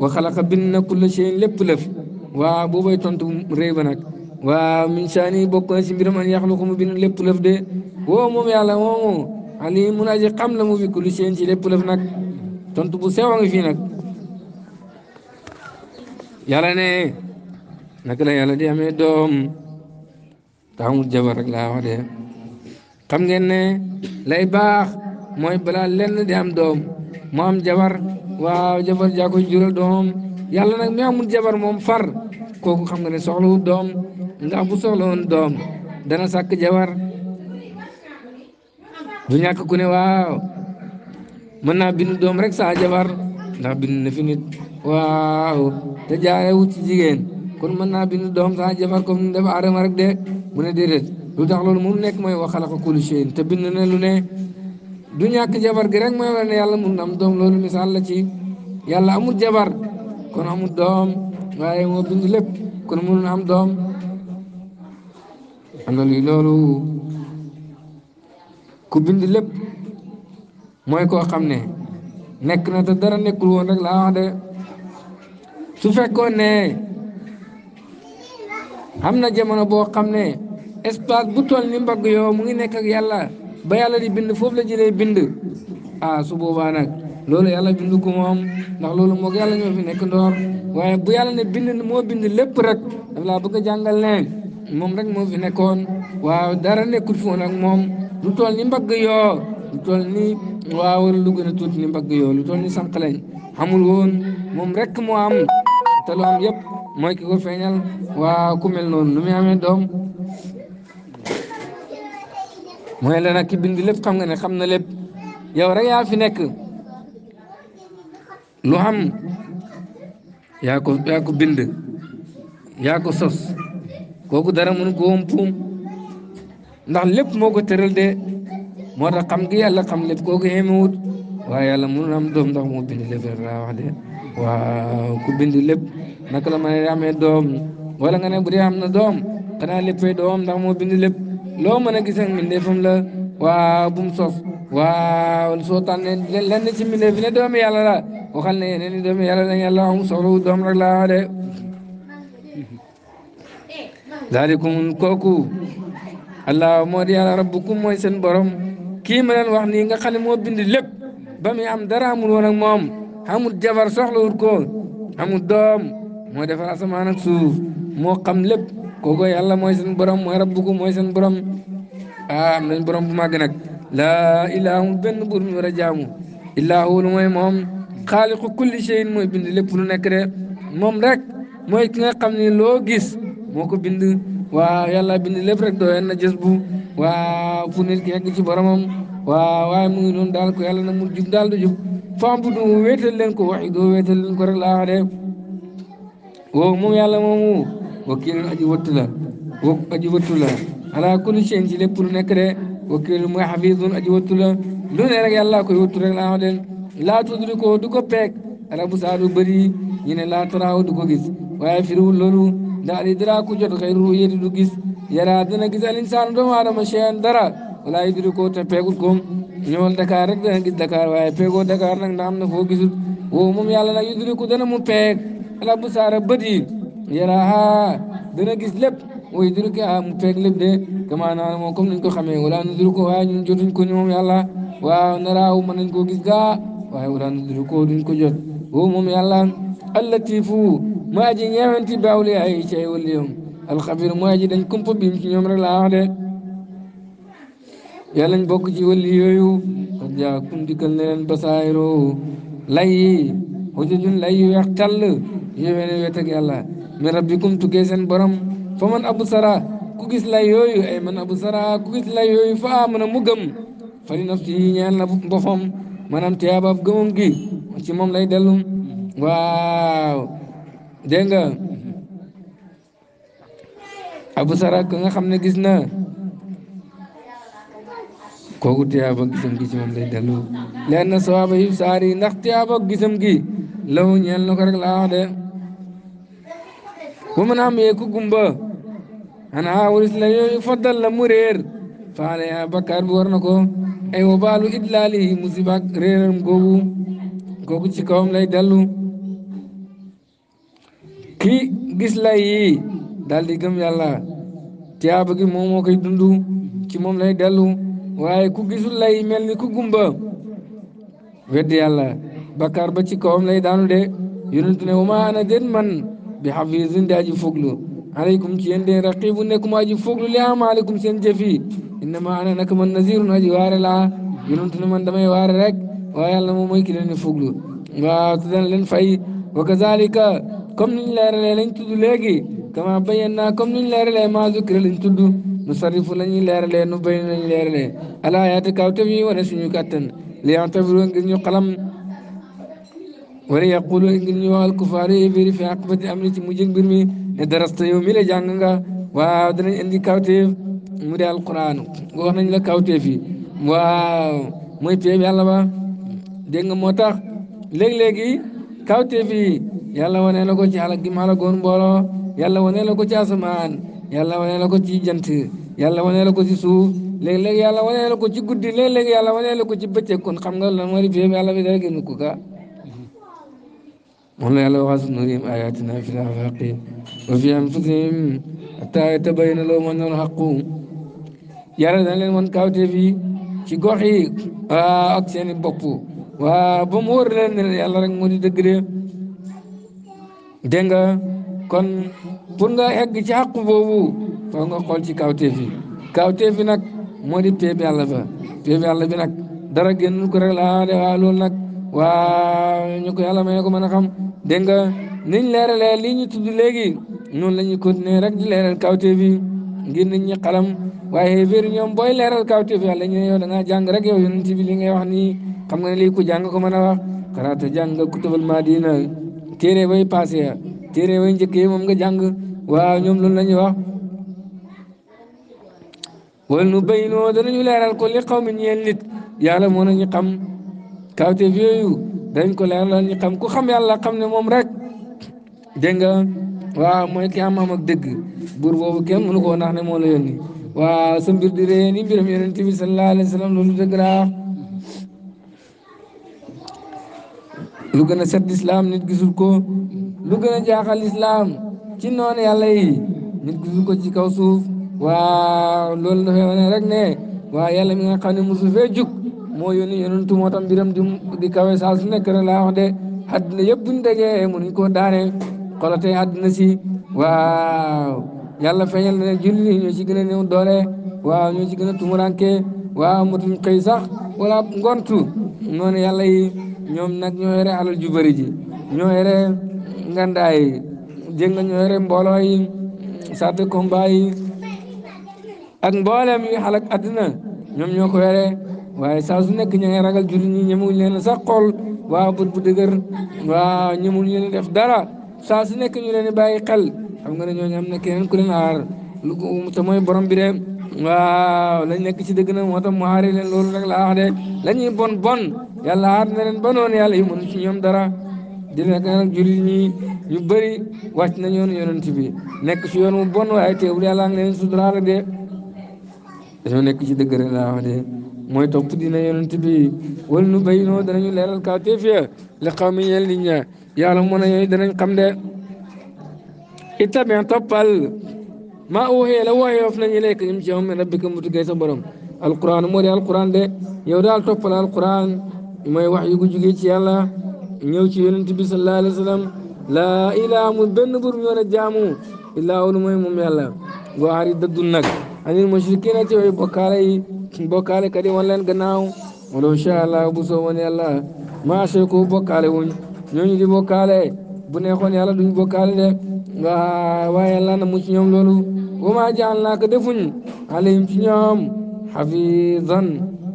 wa xalaqa bind na kulla shay'in lépp lëf waaw boobay tontu réy ba nag waaw min shaani bokk na ci mbiram an yaxluqu mu bind lépp lëf de woo moom yàlla moomu ali mun aji xam la mu bi kulli shay'in ci lépp lëf nag tontu bu sew a ngi fii nag naka la yàlla di amee doom taamul jabar rek laa wax de xam ngeen ne lay baax mooy balaa lenn di am doom mu am jabar waaw jabar jaa koy jural doom yàlla nag mi amul jabar moom far kooku xam nga ne soxlawul doom ndax bu soxlawoon doom dana sàkk jabar du ñàkk ku ne waaw mën naa bind doom rek saa jabar ndax bind na fi waaw te jaarewut ci jigéen kon mën naa bind doom saa jafar comme ni def aadama rek de mu ne déedéet lu tax loolu mun nekk mooy wa xalaqa kulli shay'in te bind na lu ne du ñàkk jabar gi rek mooy la ne yàlla mun na am doom loolu misaal la ci yàlla amul jabar kon amul doom waaye moo bind lépp kon mënul am doom anda li loolu ku bind lépp mooy koo xam ne nekk na te dara nekkul woon rek laa wax de su fekkoon ne xam na jamono boo xam ne espace bu toll ni mbagg yow mu ngi nekk ak yàlla ba yàlla di bind foofu la jëlee bind ah su boobaa nag loolu yàlla bind ko moom ndax loolu moog yàlla ñoo fi nekk ndoor waaye bu yàlla ne bind moo bind lépp rek daf laa bëgg a jàngal moom rek moo fi nekkoon waaw dara nekkul fi woon moom lu toll ni mbagg yoo lu toll ni waaw wala a tuuti ni mbagg yoo lu toll ni sànq lañ xamul woon moom rek moo am te lu yëpp mooy ki ko feeñal waaw ku mel noonu nu muy amee doom mooy la nag ki bind lépp xam nga ne xam na lépp yow rek yaa fi nekk lu xam yaa ko bind yaa ko sos kooku dara mënu ko puum ndax lépp moo ko tëral de moo tax xam gi yàlla xam lépp kooku xemewut waaye yàlla mënu am doom ndax moo bind lépp rek wax de waaw ku bind lépp naka la mën a e doom wala nga ne bu dee na doom xanaa léppay e doom ndax moo bind lépp loo mën a gis ak mbindeefam la waaw bu mu sof waaw soo tànnee lenn ci mbindeef bi ne doomi yàlla la waxal ne yeneen i doomi yàlla dañu yàlla soxla wu doom rek laa de daalikum kooku allah moo di yàlla rabbukum mooy seen borom kii ma wax nii nga xam ne moo bind lépp ba muy am dara amul woon ak moom amul jabar soxlawut ko amul doom mooy defar asamaan ak suuf moo xam lépp kooku yàlla mooy seen borom mooy rabbuku mooy seen borom ah am nañ borom bu màgg nag laa ilaahu benn buur ñu war a jaamu illaahu lu mooy moom xaaliqu kulli shay'in mooy bind lépp lu nekk de moom rek mooy ki nga xam ne loo gis moo ko bind waaw yàlla bind lépp rek doo na jës bu waaw fu nit ki yegg ci boromam waaw waaye mu ngi noonu daal ko yàlla na mu jub daal du jub fam bu du leen ko waxi doo wéetal leen ko rek laa wow moom yàlla moomu wakiilun aji wattu la wa aji wattu la ala kulli shay'in ci lépp lu nekk de wakiilun mooy xafiisun aji wattu la lu ne rek yàlla koy wattu rek laa den laa tudrikoo du ko peeg arabu saadu bëri ñu ne laa taraaw du ko gis waaye firiwul loolu ndax li dara ku jot xayru yéti du gis yara dana gis al insaan doomu aadama shay'an dara wala yudrikoo te peegut ko ñëwal Dakar rek dana gis Dakar waaye peegoo Dakar nag na na foo alabusaara bët yi yaraaha dana gis lépp way duru ki a mu feeg lépp de kama naana moom comme nañ ko xamee wala nu duru ko waaye ñun jotuñ ko ñoom yàlla waaw naraaw mën nañ koo gis gaa waaye wala nu ko duñ ko jot woo moom yàlla allatifu mu aji ñeewenti baawli ay ci ay wali yoom alxabir mu aji dañ ci ñoom rek laa wax de yàlla ñu bokk ci wali yooyu xad jaakum dikkal basaayiroo lay hujjajun lay yu weex tàll yu weene wet ak yàlla min rabbikum tukkee seen borom fa man abu sara ku gis lay yooyu ay man abu sara ku gis lay yooyu fa amana mu gëm fa li nafsi yi ñeel na boppam maanaam tiyaabaaf ci moom lay dellu waaw dégg nga abu sara ka nga xam ne gis na kooku tiyaaba gisam gi ci moom lay dellu leen na sawaaba yi saar yi ndax tiyaaba gisam gi law ñeel na ko rek de bu mën am yee ku gumba xanaa waris la yooyu faddal la mu réer faale yaa bakkaar bi war na ko ay wabaalu idlaalihi musiba ak réeram googu ci kawam lay dellu ki gis lay yi daal di gëm tiyaaba gi moom moo dundu ci moom lay dellu waaye ku gisul lay mel ni ku gumba weddi yàlla bakkaar ba ci kawam lay daanu de yonentu ne wama ana den man bi xafisin di aji foglu aleykum ci yéen de raqibu nekkuma aji foglu li amaalekum seen jëf yi innama ana naka man nazirun aji waare laa yonentu ne man damay waare rek waaye yàlla moom mooy ki leen di foglu waaw te dana leen fay wa kazalika comme niñ leeralee lañ tudd léegi kama bayan naa comme niñ leeralee maa zukira lañ tudd nu sarifu la ñuy leeralee nu bëri la ñuy leeralee alaayaati kawteef yi wane suñu kàttan li yantabiru ngir ñu xalam wala yaqulu ngir ñu waxal kufaar yi fi aqibati am ni ci mbir mi ne darasta yow mi la jàng nga waaw danañ indi kawteef mu de alquran wax nañ la kawteef yi waaw mooy peeb yàlla ba dégg moo tax léeg-léegi kawteef yi yàlla wane la ko ci xala gi ma la goon asamaan yàlla wanee la ko ci jant yàlla wanee la ko ci suuf léeg-léeg yàlla wanee la ko ci guddi léeg-léeg yàlla wanee la ko ci bëccëg kon xam nga lan moo di fi yàlla bi dara génn ko ka mm-hmm. moom la yàlla waxaa sunurihim ayatina fi lafaqi wa fi anfusihim hatta yatabayyana lahum annahu alhaqu yàlla dana leen wan kawte fi ci gox yi ah, ak seeni bopp waa ba mu wóor leen ne yàlla rek moo di dëgg de dégg nga kon pour nga egg ci xàq boobu foog nga xool ci kawteef yi kawteef yi nag moo di péeb yàlla ba péeb yàlla bi nag dara génnul ko rek laa de waa nag waa ñu ko yàlla may ko mën a xam dégg nga niñ leeralee lii ñu tudd léegi noonu la ñuy continuer rek di leeral kawteef yi ngir nit ñi xalam waaye biir ñoom booy leeral kawteef yàlla ñu ne yow da ngaa jàng rek yow yonent bi li ngay wax nii xam nga ne lii ku jàng ko mën a wax xanaa te jàng nga kutubal madina téere bay passé téere way njëkk yi moom nga jàng waaw ñoom loolu la ñuy wax wal nu bayyinoo danañu leeral ko li xaw mi ñeel nit yàlla moo na ñu xam kawteef yooyu dañ ko leeral ñu xam ku xam yàlla xam ne moom rek dégg nga mooy ki am am ak dëgg buur boobu kenn mënu koo nax ne moo la yónni waaw sa di ree ni mbiram yonent bi sallallahu alayhi wa sallam loolu dëgg laa lu gën a set lislaam nit gisul ko lu gën a jaaxal lislaam ci noonu yàlla yi nit gisul ko ci kaw suuf waaw loolu dafay wane rek ne waaw yàlla mi nga xam ne mosu fee jug moo yónni yonentu moo tam mbiram di di kawe su nekk rek laa yëpp buñ dajee mënuñ koo si waaw yàlla feeñal ne ñoo ci gën a néew doole xëy sax wala ngontu noonu yàlla yi ñoom nag ñoo yore alal ju bëri ji ñoo yore ngandaay yi dégg nga ñoo yore mbooloo yi sarti combat yi ak mboolem yi xalak àddina ñoom ñoo ko yore waaye saa su nekk ña ngi ragal jullit ñi ñemewuñ leen sax xool waaw bët bu dëgër waaw ñemewuñ leen a dara saa su nekk ñu leen bàyyi xel xam nga ne ñooñu am na keneen ku leen aar lu mooy borom bi waaw lañ nekk ci dëgg na moo tax mu aare leen loolu la wax de la bon bon yàlla aar na leen ba noon yàlla yi mënu ci ñoom dara di nekk nag jullit ñi ñu bëri wàcc na ñoon yonent bi nekk ci yoon mu bon waaye teewul yàlla ngi leen suturaal de dañoo nekk ci dëgg rek la wax de mooy topp dina yonent bi wala nu béy noo danañu leeral kaw teef ya li xaw mi ñeel nit ña yàlla mën a yooyu danañ xam de itamit toppal maa waxee la waayeef nañu lekk ñun ci yow mi rabbika mu tukkee sa borom moo di alquran de yow daal toppal alquran mooy wax yu ko jugee ci yàlla ñëw ci yonent bi sallallahu alayhi wa sallam laa ilaaha mu benn bur ñu war a jaamu illaa lu mooy moom yàlla waari dëddul nag anil mushrikiina ci way bokkaale yi bokkaale kat yi wan leen gannaaw walaw shaa Allah bu soo woon yàlla maa shirku bokkaale wuñ ñooñu di bokkaale bu neexoon yàlla duñ bokkaale waaw waaye lan mu ci ñoom loolu wama jaal laa ko defuñ alayhim ci ñoom xafizan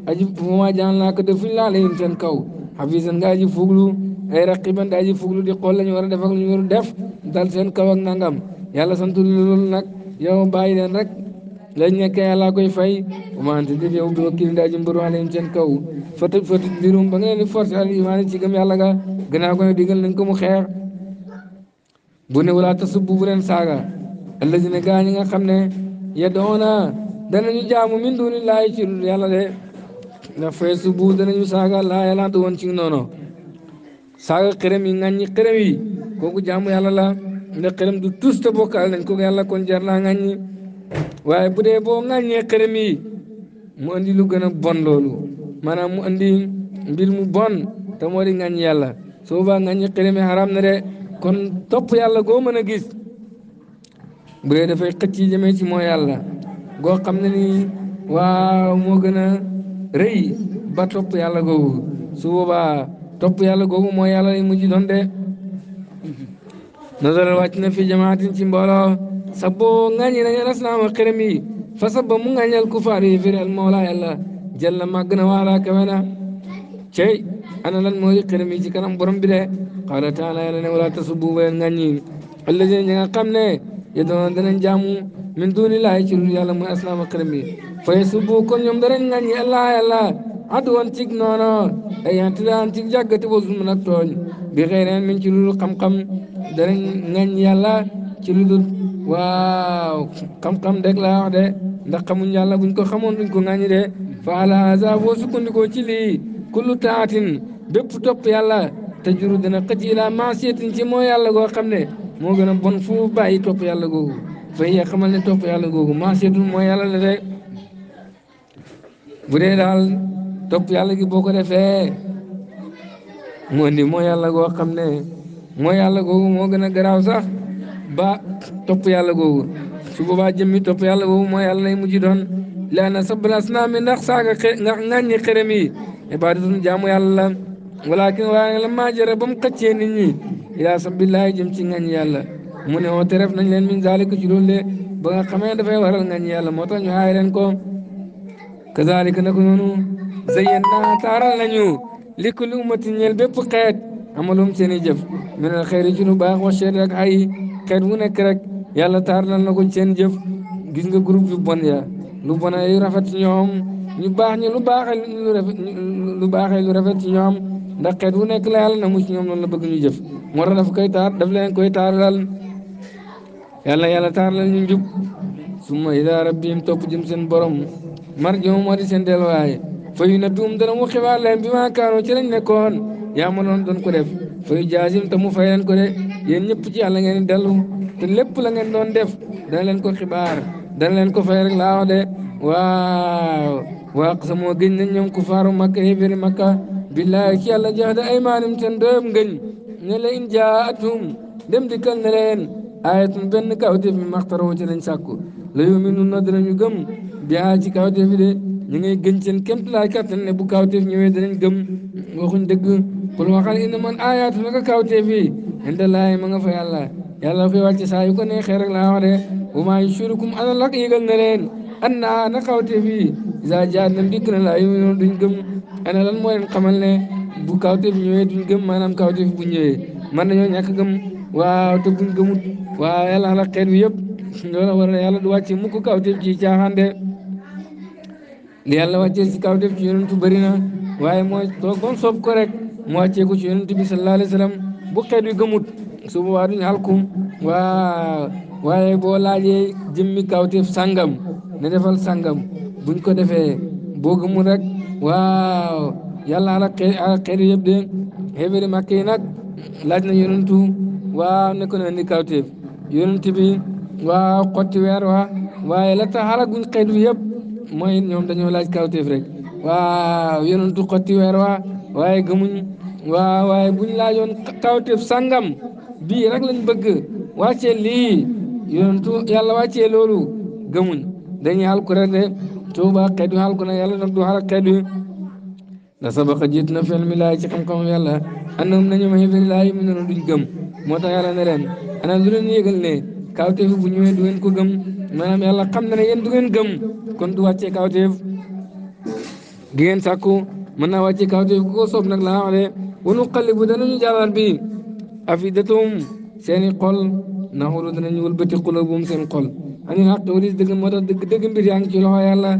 aji wama jaal naa ko defuñ laa alayhim seen kaw xafizan nga aji fuglu ay raqiban nga aji fuglu di xool lañu war a def ak lañu war def dal seen kaw ak nangam yàlla sant loolu nag yow bàyyi leen rek lañ nekk yàlla koy fay wama anta def yow bi wakkil nga aji mbëru alayhim seen kaw fatu fatu dirum ba nga leen di forcé al imaan ci yàlla ga gannaaw ko ne nañ ko mu xeex bu ne wala tasubbu bu leen saaga allazina gaa ñi nga xam ne yad'una danañu jaamu min duunillaahi ci dul yàlla de ndax fay subu danañu saaga laa yalaatu woon ci noonu saaga xërëm yi ŋàññi xërëm yi jaamu yàlla la ndax xërëm du tus te bokkaal nañ kooku yàlla kon jar naa ŋàññi waaye bu dee boo ŋàññee xërëm yi mu andi lu gën bon loolu maanaam mu andi mbir mu bon te moo di ŋàññi yàlla soo baa haram na de kon top yalla go meuna gis bu re da fay yi jeme ci mo yalla go xam ni waaw mo gën a ba top yalla go su top yalla go mo yalla ni mu ci don de nazar wàcc na fi jamaatin ci mbolo sabbo ngani na nañu ras naa ma fa sabbo mu ŋañal ku faar yi firal moola yàlla jël wala màgg na cey ana lan moo di ci kanam borom bi de qaala taala yàlla ne wala tasubbu ba leen ŋàññi allazina ñi nga xam ne yedoon danañ jaamu min duunillahi ci lu yàlla mooy asnaama xërëm yi fa yasubbu kon ñoom danañ ŋàññi allah yàlla aduwan cig noono ay antidaan cig jàggati wa zulmun ak tooñ bi xëy min ci lu xam-xam danañ ŋàññi yàlla ci lu dul waaw xam-xam deg laa wax de ndax xamuñ yàlla buñ ko xamoon duñ ko ŋàññi de fa ala haza boo sukkandikoo ci lii kullu taatin bépp topp yàlla te juru dina xëcc ilaa maasiyatin ci mooy yàlla goo xam ne moo gën a bon fu bàyyi topp yàlla googu fa yee xamal ne topp yàlla googu maasiyatun mooy yàlla la de bu dee daal topp yàlla gi boo defee moo ni mooy yàlla goo xam ne mooy googu moo gën a garaaw sax ba topp yàlla googu su boobaa jëmmi topp yàlla googu mooy yàlla lay mujj doon laa na sabal asnaami ndax saaga nga ŋàññi xerem yi ibadatun jaamu yàlla la walakin waaye nag la maa jëra ba mu xëccee nit ñi ilaa sabillaahi jëm ci ngañ yàlla mu ne woo oo teref nañ leen min zalika ci loolu de ba nga xamee dafay waral ngañ yàlla moo tax ñu aay leen ko kazalika nag noonu zayen naa taaral nañu li kulli ummati ñeel bépp xeet amalum seen jëf min al ci lu baax wa sharri ak ay xeet wu nekk rek yàlla taaral na ko seen jëf gis nga groupe yu bon ya lu bon ay rafet ci ñoom ñu baax ñi lu baax lu rafet lu baaxee lu rafet ñoom ndax xeet wu nekk la na mu ci la bëgg ñu jëf moo tax dafa koy taar daf leen koy taaralal yàlla yàlla taaralal ñu njub summa ila rabbihim topp jëm seen borom marjihum moo di seen delluwaay fa yu nabbiwum dana mu xibaar leen bi maa kaanoo ci lañ nekkoon yaa ma noonu doon ko def fa yu jaasim te mu fay leen ko de yéen ñëpp ci yàlla ngeen di dellu lépp la ngeen doon def dana leen ko xibaar dana leen ko fay rek laa wax de waaw waa samoo gëñ nañ ñoom ku faaru makka billaahi ki yàlla jaxda aymaanim seen doyam ngëñ ne la in jaatum dem dikkal ne leen benn kawteef mi maxtaroo ci lañ sàkku la yuminun na danañu gëm bi aa ci kawteef de ñu ngay gën seen kémtalaay kattan ne bu kawteef ñëwee danañ gëm waxuñ dëgg xul waxal ina man ayatu naka kawteef yi inda laay ma nga fa yàlla yàlla koy wàcce saa yu ko neexee rek laa de wa maa yushrikum ana lak yëgal ne anna na kawte fi isa jaa nam dikk na laa yuminuun duñ gëm ana lan moo leen xamal ne bu kawte fi ñëwee duñ gëm maanaam kawte fi bu ñëwee man nañoo ñàkk gëm waa te buñ gëmut waaw yàlla la xeet wi yëpp yàlla du wàcce mukk kawte fi ci caaxaan de li yàlla wàccee si kawte fi ci yonentu bëri na waaye mooy toog bam soob ko rek mu wàccee ko ci yonentu bi sallallahu alayhi wa bu xeet gëmut su boobaa duñ alkum waaw waaye boo laajee jëmmi kawteef sàngam ne defal sàngam buñ ko defee boo gëmul rek waaw yàlla ala xeer ah, yëpp de xeebéri màkk yi nag laaj na yonentu waaw ne ko ne indi kawteef yonent bi waaw xotti weer wa waaye la tax xalaguñ xeet bi yëpp mooy ñoom dañoo laaj kawteef rek waaw yonentu xotti weer wa waaye gëmuñ waaw waaye buñ laajoon kawteef sàngam bii rek lañ bëgg wàcce lii yonentu yàlla wàccee loolu gëmuñ dañuy xalku rek de tuuba xeet wi xalku na yàlla nag du xal xeet wi da sabaqa jiit na fel mi laay ci xam-xam yàlla annahum nañu ma xifiri laa yumi noonu duñ gëm moo tax yàlla ne leen ana du leen yëgal ne kawteef bu ñëwee du ngeen ko gëm maanaam yàlla xam na ne yéen du ngeen gëm kon du wàccee kawteef di ngeen sàkku mën naa wàccee kawteef ku ko soob nag laa wax de wanu xalibu danañu jàllal bi afidatum seeni xol naxulu danañ wëlbati xulóobum seen xol anil xaq walis dëgg moo tax dëgg dëgg mbir yaa ngi ci loxo yàlla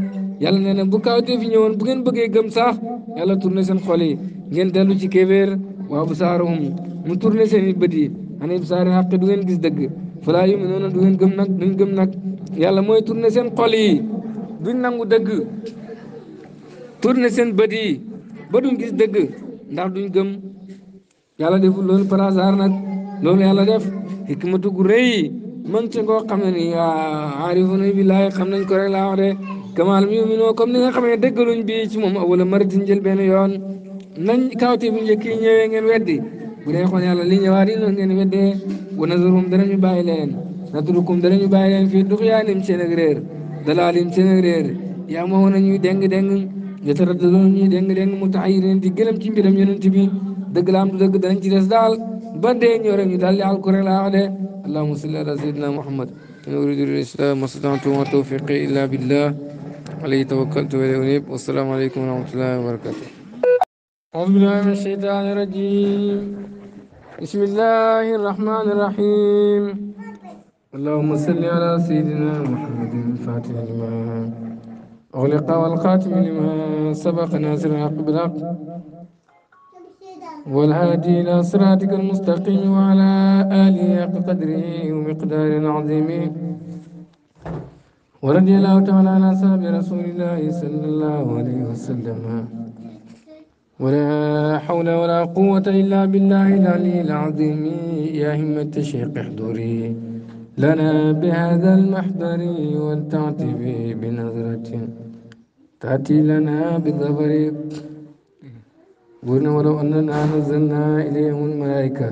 yàlla nee na bu kaawtee fi ñëwoon bu ngeen bëggee gëm sax yàlla tourné seen xol yi ngeen dellu ci kéeféer waa bu saarahum mu tourné seen i bët yi anib saari xaq du ngeen gis dëgg falaa yu mi du ngeen gëm nag duñ gëm nag yàlla mooy tourné seen xol yi duñ nangu dëgg tourné seen bët yi ba duñ gis dëgg ndax duñ gëm yàlla deful loolu par hasard loolu la def hikmatu gu rëy man ci ngoo xam ne ni aarifuna billaahi xam nañ ko rek laa wax de mi yuminoo comme ni nga xam ne dëggaluñ bi ci moom wala maratin jël benn yoon nañ kawte bu njëkk yi ñëwee ngeen weddi bu dee xoon yàlla li ñëwaat yi ngeen weddee wa nazarum danañu bàyyi leen natrukum danañu bàyyi leen fii dux yaa lim seen ak réer dalaalim seen ak réer yaa moo nañuy deng deng yataraddadoon ñuy deng deng mu taxayirin di gëlëm ci mbiram yonent bi دغ لام دغ دنج ديس دال بندي نيور ني دال يال كور لا واخ دي اللهم صل على سيدنا محمد نريد الاسلام مصدر توفيق الا بالله عليه توكلت ونيب والسلام عليكم ورحمه الله وبركاته أعوذ بالله من الشيطان الرجيم بسم الله الرحمن الرحيم اللهم صل على سيدنا محمد الفاتح لما أغلق والخاتم لما سبق ناصر عقب العقد والهادي إلى صراطك المستقيم وعلى آله حق قدره ومقدار عظيم ورضي الله تعالى عن أصحاب رسول الله صلى الله عليه وسلم ولا حول ولا قوة إلا بالله العلي العظيم يا همة الشيخ احضري لنا بهذا المحضر والتعتبي بنظرة تأتي لنا بالظفر buur ne walaw annanaa nazzalnaa ilayhimul malaa'ika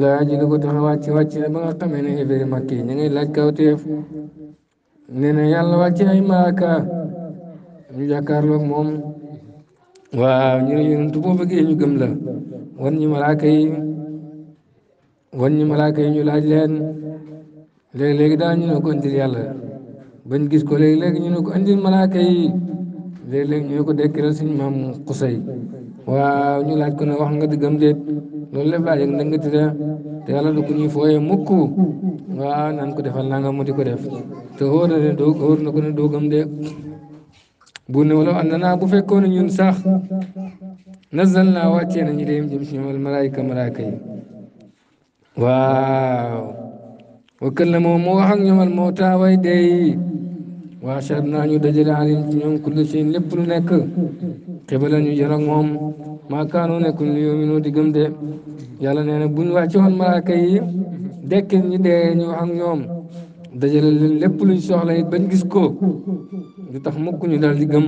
laa ji lu ko tax wàcc wàcc na ba nga xamee ne yéeféeri Makka ñu ngi laaj kawteef nee na yàlla wàcc ay malaaka ñu jàkkaarloog moom waaw ñu ne yonent boo ñu gëm la wan ñu malaaka ñu laaj leen léegi léegi daal ñu ne ko andil yàlla bañ gis ko léegi léegi ñu ne ko andil léeg-léeg ñu ko dekkiral suñu maam xusay waaw ñu laaj ko ne wax nga dëggam déet loolu la laaj ak ndanga tëdda te yàlla du ko ñuy waaw naan ko defal naa nga mu di ko def te xóor na de doo xóor na ko ne doogam de bu ne wala ànd naa bu fekkoon ne ñun sax nazal naa wàccee nañu de jëm si ñoom malaayika malaayika yi waaw wa kallama moo wax ak ñoom al mawta waa chef naa ñu dajale alim ci ñoom kulli si lépp lu nekk xibala ñu jël ak moom maakaanoo nekkul lu yoominoo di gëm de yàlla nee na buñ wàcce woon malaaka yi dekkin ñi dee ñu wax ak ñoom dajale leen lépp luñ soxla it gis ko du tax mukk ñu di gëm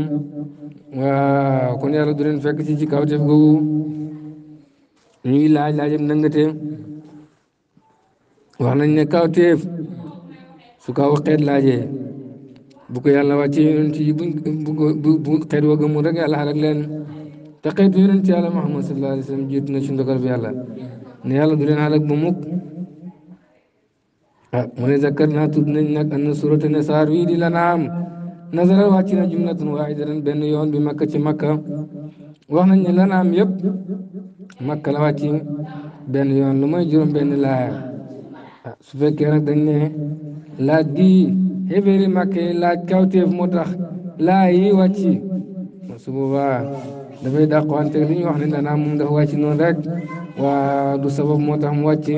waaw kon yàlla fekk ci ci kaw def googu ñuy laaj laajam nangate wax nañ ne kawteef su kaw xeet laajee bu ko yàlla wàccee yonent yi buñ bu bu xeet woo gëmul rek yàlla xalak leen te xeetu yonent yàlla Muhammad sallallahu alayhi wa sallam jiitu na ci ndogal bi yàlla ne yàlla du leen xalak ba mukk ah mu zakkar naa tudd nañ nag na surata ne saar wii di la naam nazara wàcc na jumlatun waahidatan benn yoon bi makka ci makka wax nañ ne la naam yëpp makka la wàcc benn yoon lu mooy juróom benn laaya ah, su fekkee nag dañ ne laaj gi xibéeri màkke laaj kawteef moo tax laayi yi wàcci su boobaa dafay dàqoonteeg li ñu wax ne danaa moom dafa wàcci noonu rek waa du sabab moo tax mu wàcci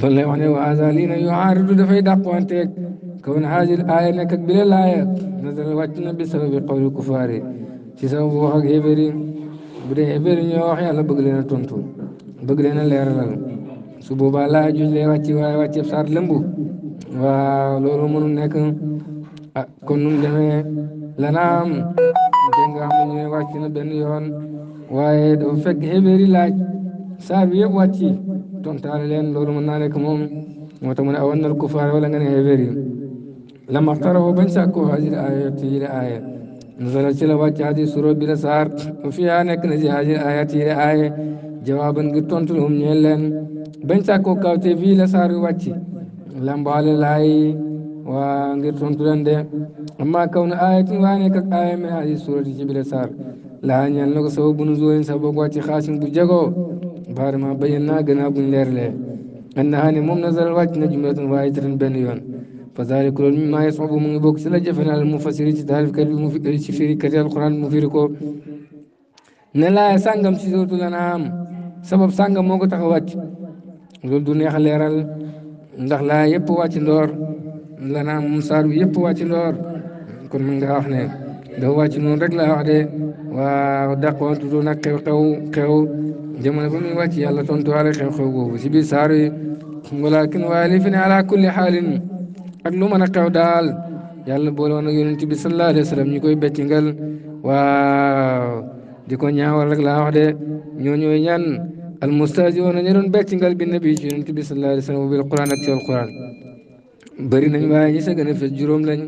loolu lay wax ne wa haza lii na yoo aaridu dafay dàqoonteeg kawn haajil aaya nekk ak bile laaya nazal wàcc na bi sababi qawli kufaari ci sababu wax ak xibéeri bu dee xibéeri wax yàlla bëgg leen a tontu bëgg leen a leeralal su boobaa laa ajuslee wàcc waaye wàcceeb saar lëmbu waaw loolu mënu nekk ah kon nu mu demee lanaam dégg nga xam ne wàcc na benn yoon waaye dafa fekk xebeeri laaj saar bi yëpp wàcc tontaale leen loolu mën naa nekk moom moo tax mu ne awan nal kufaar wala nga ne xebeeri la maxtarahu bañ sàkku haajir ayat yi la aaya nasala ci la wàcc haajir suro bi la saar fiyaa nekk na si haajir ayat yi la jawaaban ngir tontu lu hum leen bañ sàkkoo kawte fii la saar wi wàcc lambaale laay waa ngir tontu leen de amma kaw na ayatin waa nekk ak aaya min hadi surati ci bile saar laa ñeel na ko sababu nuzuulin sababu wàcc xaasin bu jagoo baar ma leer naa gënaa buñ leerlee annahaa ne moom nazaral wàcc na jumlatan waaye tëran benn yoon fa zalika loolu mimmaa yas'ubu mu ngi bokk ci la jëfe na al mufassiri ci taarifkat bi mu ci firikati alquran mu firi ko ne laaya sàngam ci suuratul An'aam sabab sàngam moo loolu du neex a leeral ndax laa yëpp wàcc ndoor la naa moom saar bi yëpp wàcc ndoor kon mën nga wax ne dafa wàcc noonu rek laa wax de waaw nag xew xew xew jamono ba muy wàcc yàlla tontuwaale xew xew boobu si biir saar yi walakin waaye li fi kulli xaalin lu mën a xew daal yàlla boole woon ak yonent bi sallallahu alayhi wa ñu koy beccingal waaw di ko ñaawal rek laa wax ñan المستاجون نيرون بيتينغال بالنبي جونت بي صلى الله عليه وسلم بالقران اك القران بري نان واي ني سغنا فيس جوروم لاني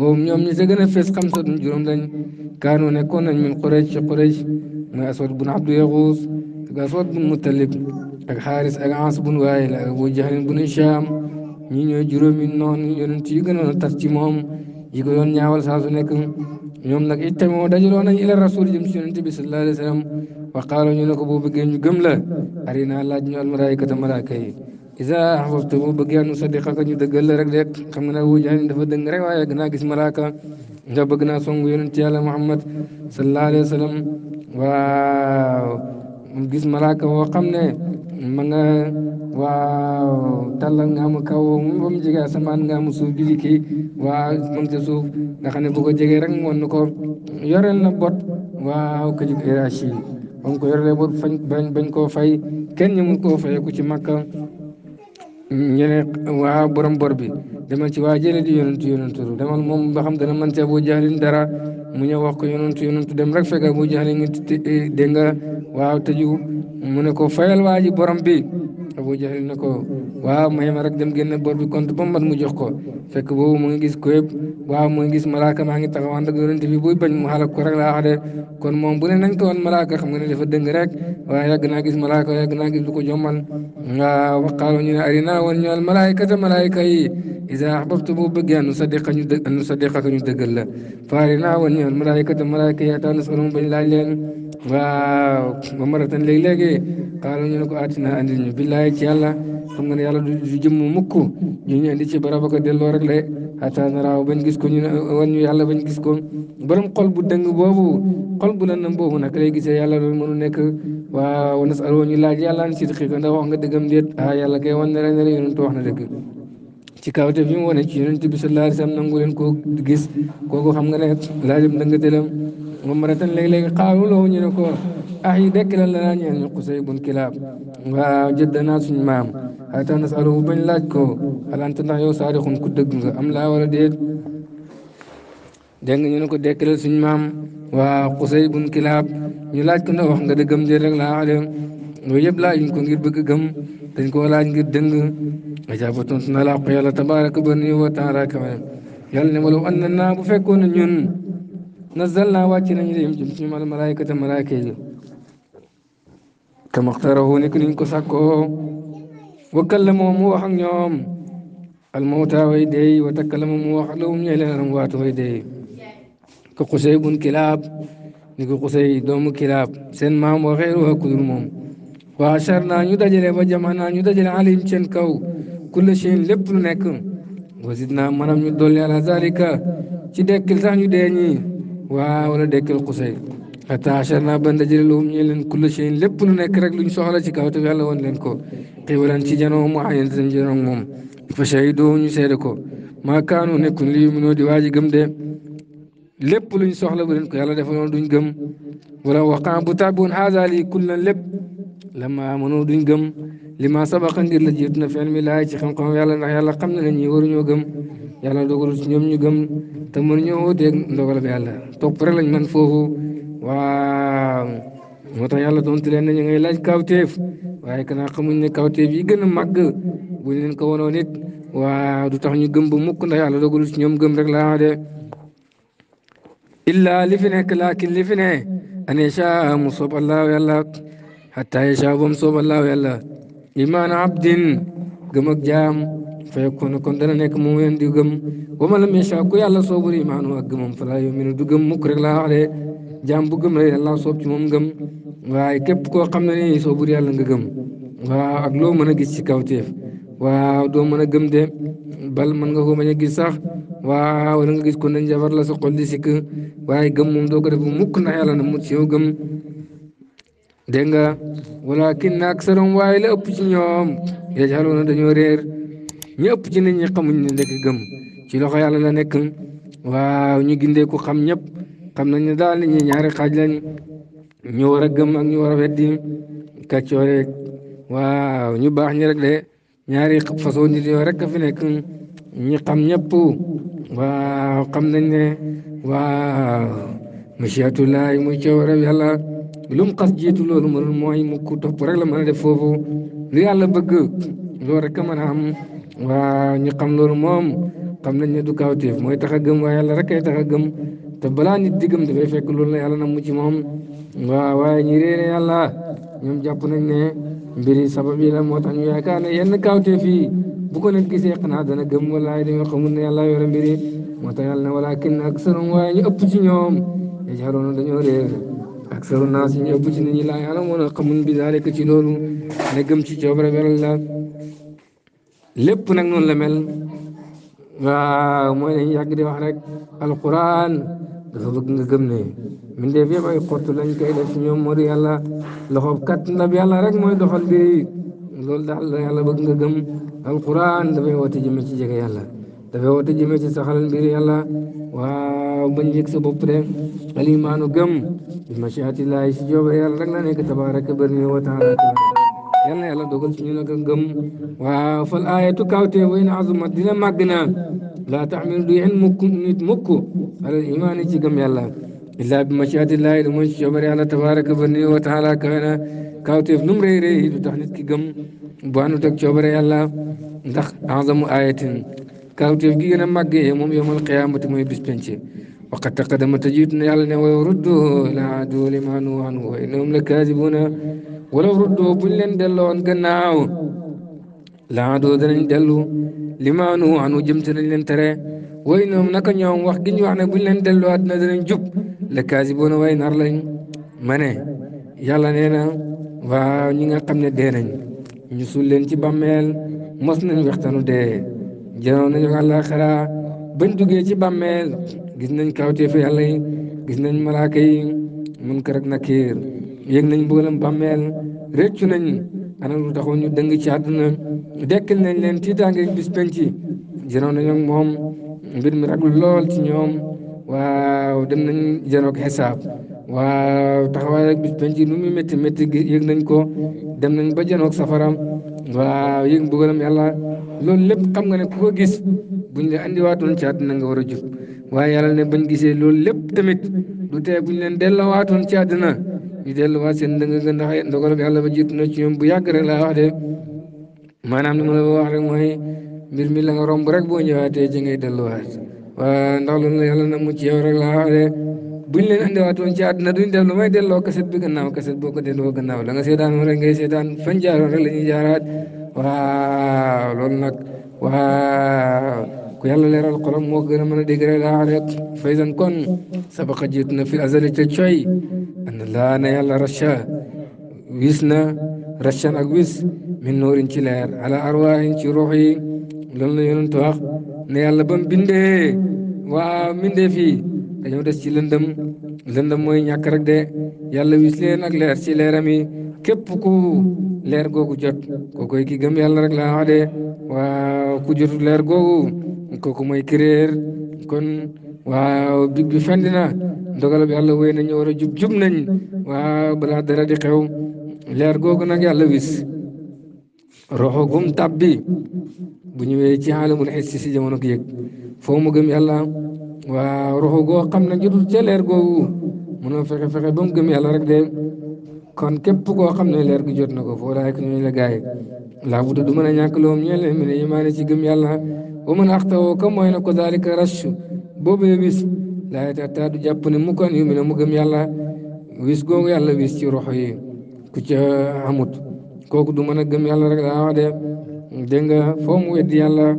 ووم نيوم ني سغنا فيس خمسة جوروم لاني كانوا نيكون من قريش قريش ما اسود بن عبد يغوص غاسود بن مطلب اك حارس اك عاص بن وائل اك ابو جهل بن هشام ني نيو جوروم نون يونت يغنا ترتي موم يغيون نياوال ساسو نيكن ñom nak itamo dajaloo nañ ila rasul jëm ci yonente bi sallallahu alayhi wasallam wa qalu ñu ne bu bëgg ñu gëm la arina laaj ñu al malaikatu yi iza ahbabta bu bëgg nu sadiqa ko ñu dëggal la rek de xam nga ne Abu dafa dëng rek waye gëna gis malaaka nga bëgg naa song yonente yàlla Muhammad sallallahu alayhi wa sallam waaw gis malaaka wo xamne mën na waaw tàllal nga am kaw ba mu jege asamaan nga am suuf bi dikki waaw moom ca suuf nga xam ne bu ko rek mu na bot waaw ka jug éragi ba mu ko yoreel bot fañ bañ koo fay kenn ñëmul koo fayeku ci Makka ñu ne waa borom bor bi demal ci waa jële di yonantu yonentu dama moom ba xam dana mën ci Abu Jahlin dara mu ñëw wax ko yonentu yonentu dem rek fekk Abu Jahlin ngi dégg nga waaw tëju mu ne ko fayal waa ji borom bi Abu Jahlin ne ko waaw may ma rek dem génne bor bi compte ba mu jox ko fekk boobu mu ngi gis ko yëpp waaw mu ngi gis malaaka maa ngi taxaw ànd ak bi buy bañ mu xalak ko rek laa kon moom bu ne nañ ko woon malaaka xam nga ne dafa dëng rek waaye yàgg naa gis malaaka yàgg naa gis lu ko jommal waaw waqaalu ñu ne arina woon ñu al malaaykata malaayka yi isa ahbabtu boo bëggee nu sadiqa ñu dë nu sadiqa ñu dëggal la fa arina woon ñu al malaaykata malaayka yi ataa nasalum bañ laaj leen waaw mamaratan léegi-léegi xaala ñu ne ko aatina andil ñu billaay ci yàlla xam nga ne yàlla du jëmm mukk ñu ñu andi ci barabaka delloo rek de xataa naraaw bañ gis ko ñu ne wan ñu yàlla bañ gis ko borom xol bu dëng boobu xol bu lan nam boobu nag lay gisee yàlla loolu mënu nekk waaw nas aloo ñu laaj yàlla an sidqiqa ndax wax nga dëggam déet ah yàlla kay wan ne rek ne la yonentu wax na dëgg ci kaw te bi mu wane ci yonent bi sallallahu alayhi wasallam nangu leen koo gis kooku xam nga ne laajam dënga telam umratan léeg-léeg xaalu loo ñu ne ko ah yi dekk la la ñeen ñu xusay bun kilaab waaw jëddanaa suñu maam xata nasaluhu bañ laaj ko alante ndax yow saadixun ku dëgg nga am laa wala déet dégg nga ñu ne ko dekkal suñu maam waaw xusay bun kilaab ñu laaj ko na wax nga dëggam déet rek laa wax de loolu laaj ñu ko ngir bëgg gëm dañ ko laaj ngir dëng ajaaba tontu na laa ko tabaaraka ba wa taala yàlla ne ma lu an na naa bu fekkoon ñun نزلنا واتنا يريم جلسي مع الملائكة الملائكة كما اختاره نكنين كساكو وكلموا موحا يوم الموتى ويدي وتكلموا موحا لهم يلين رموات ويدي كقسي بن كلاب نكو قسي دوم كلاب سن مام وغيرها كدر موم وعشرنا يدجل وجمعنا يدجل عليهم چن كو كل شيء لبن نكو وزدنا منام يدولي على ذلك چدك كلتان يديني waaw la dekkal xusay xataa acharna ba ndajale lahum ñi leen kulla shay'in lépp lu nekk rek luñ soxla ci kaw te yàlla woon leen ko xiwalan ci janoo mu ayen dañ janoo moom fa shahidoo ñu seede ko maa kaanu nekkun li yuminoo di waaji gëm de lépp luñ soxla bu leen ko yàlla defaloon duñ gëm wala waqan bu tàbboon haasa lii kullan lépp lama amanoo duñ gëm li ma sabaqa ngir la jiitu na fenn mi laay ci xam-xam yàlla ndax yàlla xam na ne ñi waruñoo gëm te mënuñoo dégg ndogal bi yàlla topp rek lañ man foofu waa moo tax yàlla doonte leen na ñu ngay laaj kawteef waaye kanaa xamuñ ne kawteef yi gën a màgg bu leen ko wonoo nit waaw du tax ñu gëm ba mukk ndax yàlla dogalul ci ñoom gëm rek laa de illaa li fi nekk laakin li fi ne an yashaa mu soob allaahu yàlla xataa yashaa ba mu soob allaahu yàlla imaan abdin gëm jaam fa yakunu kon dana nekk moom yéen di gëm wa ma lam yasha ku yàlla soobul imaanu ak gëmam fala yuminu du gëm mukk rek laa wax de gëm rek yàlla soob moom gëm waaye képp koo xam ne nii soobul yàlla nga gëm waaw ak loo mën a gis ci kawteef waaw doo mën a gëm de bal mën nga ko bañ a gis sax waaw wala nga gis ko nañ jabar la sa xol di sikk waaye gëm moom doo ko def mukk na yàlla na mu ci yow gëm dégg nga walakin waa waaye la ëpp ci ñoom yajhaluuna dañoo réer ñu ci nit ñi xamuñ ne ndekk ci loxo yàlla la nekk waaw ñu gindee ku xam ñépp xam nañ ne daal ñi ñaari xaaj lañ ñu gëm ak ñu war a weddi waaw ñu baax ñi rek de ñaari façon nit yoo rek a fi nekk xam ñëpp waaw xam nañ ne waaw mashiatullahi muy coowarew yàlla lu mu xas jiitu loolu mënul mooy mukk topp rek la mën a def foofu li yàlla bëgg loolu rek a am waa ñu xam loolu moom xam nañ ne du kawteef mooy tax gëm waaye yàlla rek ay tax a gëm te balaa nit di gëm dafay fekk loolu na yàlla na mu ci moom waa waaye ñi réere yàlla ñoom jàpp nañ ne mbiri sabab yi la moo tax ñu yaakaar ne yenn kawteef yi bu ko nit xanaa dana gëm walaay dañoo xamul ne yàlla yore mbiri moo tax yàlla ne walaakin aksarum waaye ñu ëpp ci ñoom yajharuuna dañoo réer aksaru naas ñu ëpp ci nit ñi laa yàlla moon a ci loolu ne gëm ci coobare beral la lépp nag noonu la mel waaw mooy lañ yàgg di wax rek alquran dafa bëgg nga gëm ne min def yëpp ay xott lañ koy def ci ñoom mooy yàlla loxoob kat ndab yàlla rek mooy doxal bi loolu daal la yàlla bëgg nga gëm alquran dafay di jëme ci jege yàlla dafay woote jëme ci saxal mbir yàlla waaw bañ yëg sa bopp de alimaanu gëm bi machiatillahi si joobe yàlla rek la nekk tabaraka barni wa يلا يلا دوغل تنينا كنغم وفالآية كاوتي وين عظم الدين مغنا لا تعمل دي عن نيت مكو على الإيمان جيغم يلا إلا بمشيئة الله لمن شبر على تبارك بني وتعالى كان كاوتي في نمري ري دو تحنيت كيغم بانو تك شبر يلا دخ أعظم آية كاوتي في جينا مغي يوم يوم القيامة مي بسبنشي وقد تقدم تجيتنا يلا نوى وردوه لا عدو لما نوى إنهم وإنهم لكاذبون wala ruddoo buñ leen delloon gannaaw laadoo danañ dellu limaanu anu te nañ leen tere way ñoom naka ñoom wax gi giñ wax ne buñ leen delloo àddina danañ jub la kaasiboona way nar lañ ma ne yàlla nee na waa ñi nga xam ne dee nañ ñu suul leen ci bàmmeel mos nañ waxtanu dee janoon nañu àllaaxira bañ duggee ci bàmmeel gis nañ kawteefu yàlla yi gis nañ malaaka yi munkar ak nakiir yëg nañ mbugalam bàmmeel réccu nañ anam lu taxoon ñu dëng ci àdduna dekkal nañ leen tiitaangeeg bis penc janoon nañ ak moom mbir mi raglu lool ci ñoom waaw dem nañ janoog xisaab waaw taxawaay ak bis penc nu mu métti métti yëg nañ ko dem nañ ba janoog safaram waaw yëg mbugalam yàlla loolu lépp xam nga ne ku ko gis buñ leen andiwaatoon ci àdduna nga war a jub waaye yàlla ne bañ gisee loolu lépp tamit du tee buñ leen delloowaatoon ci àdduna ñu delluwaat seen dëng ga ndax ndogalam yàlla ba jiitu na ci bu yàgg rek laa wax de maanaam li ma la wax rek mooy mbir mi la nga romb rek boo ñëwaatee ci ngay delluwaat waa ndax loolu la yàlla na mucc yow rek laa wax de buñ leen andiwaat woon ci àdduna duñ def lu may delloo kaset bi gannaaw kaset boo ko delloo gannaaw la nga seetaan rek ngay seetaan fan jaaroon rek la ñuy jaaraat nag waaw ko yàlla leeral xolam moo gën a mën a dégg rek laa rek kon sabaqa jiit na fi azali ca coy ana laa na yàlla racha na rachan ak wis min noorin ci leer ala arwaahin ci ruux yi loolu la yonent wax ne yàlla ba bindee waa bindee fii dañoo des ci lëndëm mooy ñàkk rek de yàlla wis leen leer ci leeram yi ku leer googu jot kookoy ki gëm yàlla rek laa wax ku jotu leer googu kooku mooy ki réer kon waaw jub bi fenn na ndogal yàlla wéy na ñu war a jub jub nañ waa balaa dara di xew leer googu nag yàlla wis roxo gum tàbbi bu ñëwee ci xaalamul xissi si jamono ko yëg foo mu gëm yàlla waaw roxo goo xam ne jotul ca leer googu mënoo fexe fexe ba mu yàlla rek de kon képp koo xam ne leer gi jot na ko foo laay ko ñooñu la gaay laa bu du mën a ñàkk loom ñeel mi ne imaane ci gëm yàlla wa man axtawoo ka mooy na ko daalika rachu boobee wis laa taxtaa du jàpp ne mukkan yu mi mu gëm yàlla wis googu yàlla wis ci roxo yi ku ca kooku du mën a gëm yàlla rek daa wax de dégg weddi yàlla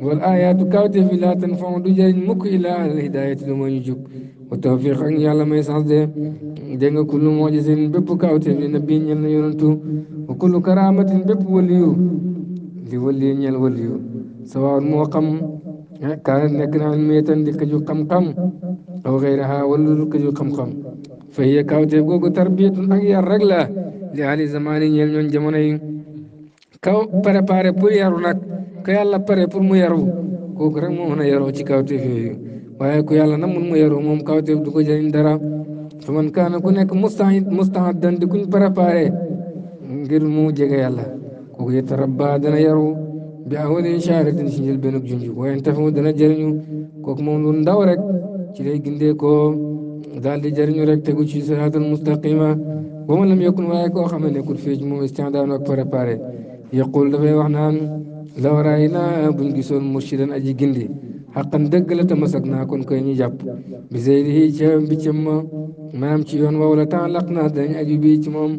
wal ayaatu kawteef yi laa tan du jëriñ mukk ilaa al hidaayati lu ma ñu jug wa tawfiq ak yàlla may sans de dégg nga kullu moojisin bépp kawteef li nabi ñel na wa kullu karamatin bépp waliyu li wali ñel waliyu sawaan moo xam kaana nekk na almiyatan di këju xam-xam aw xeyraha wala lu këju xam-xam fahiya kawteef googu tarbiyatun ak yar rek la li ali zamani ñeel ñoon jamono yi kaw préparé pour yaru nag ko yàlla pare pour mu yaru kooku rek moo mën a yaroo ci kawteef yooyu waaye ku yàlla na mun mu yaru moom kawteef du ko dara fa man kaana ku nekk mustahid mustahaddan di kuñ préparé ngir mu jege yàlla kooku yitarabba dana yaru biaxoon incha allah dina si njëlbéen ak junj waaye tafamu dana jëriñu kooku moom lu ndaw rek ci lay gindee koo daal di jëriñu rek tegu ci siraatal mustaqima ba mu lam yokkun waaye koo xam ne nekkul fii ci moom istidaad ak préparé yaqul dafay wax naan law raayna buñ gisoon mursidan aji gindi xaqan dëgg la te masak naa kon koy ñu jàpp bi zeydihi ca mbiccam ma maanaam ci yoon wa wala taalaq naa danañ aju bii ci moom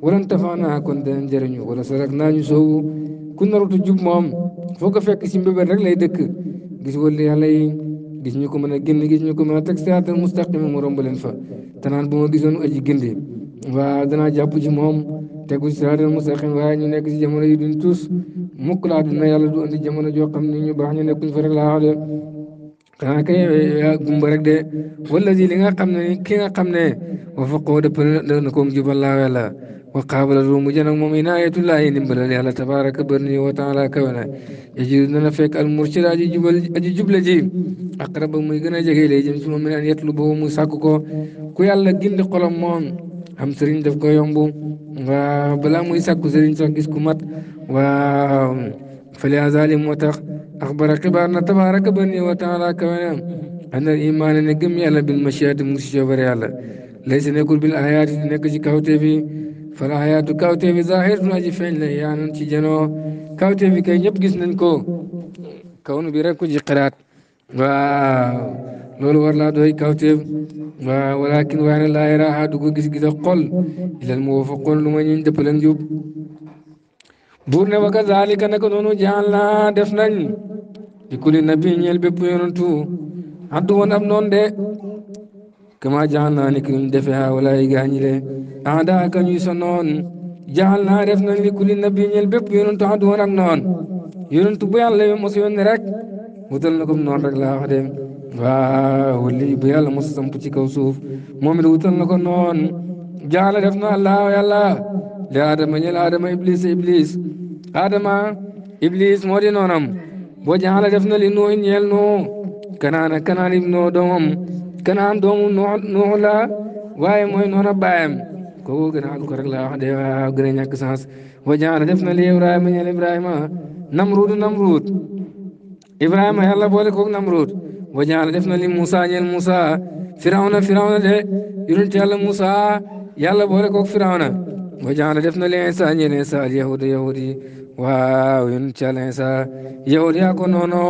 walan tafa naa kon danañ jëriñu wala sarak naa ñu soowu ku narutu jub moom foo ko fekk si mbébét rek lay dëkk gis wala yàlla yi gis ñu ko mën a génn gis ñu ko mën a teg siraatal mustaqim mu romb leen fa te naan bu ma gisoon aji gindi waa danaa jàpp ji moom tegu siraatal mustaqim waaye ñu nekk si jamono yi duñ tuus mukk laa na yàlla du andi jamono joo xam ni ñu baax ñu nekkuñ fa rek laa wax de xanaa kay gumba rek de wala li nga xam ne ki nga xam ne wa faqoo dëpp na ko jubal laa وقابل الروم جنو ممينا آيات الله ينبل لها تبارك برني وتعالى كونا يجيرنا نفيك المرشد أجي جبل أجي أقرب ميغنا جهي لي جمس ممينا أن يطلبه موساكوكو كوي الله جند قلم مون هم سرين دفكو يومبو وبلا موساكو سرين سنكس كومات و فليازالي موتاق أخبر قبارنا تبارك برني وتعالى كونا أن الإيمان نجم يالا بالمشيات مرشد وبرياله ليس نقول بالآيات نكجي كهوتي فيه fala xayaatu kawte bi zahiratun aji feeñ la ci janoo kawte bi kay ñëpp gis nañ ko kawnu bi rek ku ji xiraat waaw loolu war laa doy kawteef waaw walakin waaye laa yaraa du ko gis-gis a xol ilal mu woo lu ma ñuñ dëppalan jub buur ne wa kazalika naka noonu jaal naa def nañ di kuli nabi ñeel bépp yonantu addu woon am noonu de kama jaxal naa ni ki ñu defee ha walaay gaañile ah daa ka ñuy sa noon jaxal naa def nañ li kulli nabi ñeel bépp yonentu àdduwoon ak noon yonentu bu yàlla yow mos yónni rek wutal na ko noon rek laa wax de waaw lii bu yàlla mos samp ci kaw suuf moom it wutal na ko noon jaxal def na allah yàlla li Adama ñeel Adama Iblis Iblis Adama Iblis moo di noonam boo jaxal def na li noo ñeel noo kanaan ak kanaan doomam. kanaan doomu nuux la waaye mooy noona bàyyam kooku gën a àgg ko rek laa wax de waaw gën a ñàkk sens wa jaana def na li ibrahima ñeel ibrahima namruud namruud ibrahima yàlla boole koog namruud wa jaana def na li moussa ñeel moussa firawna firawna de yonent yàlla moussa yàlla boole koog firawna wa jaana def na li insa ñeel insa al yahuda yahudi waaw yonent yàlla insa yahudi yaa ko noono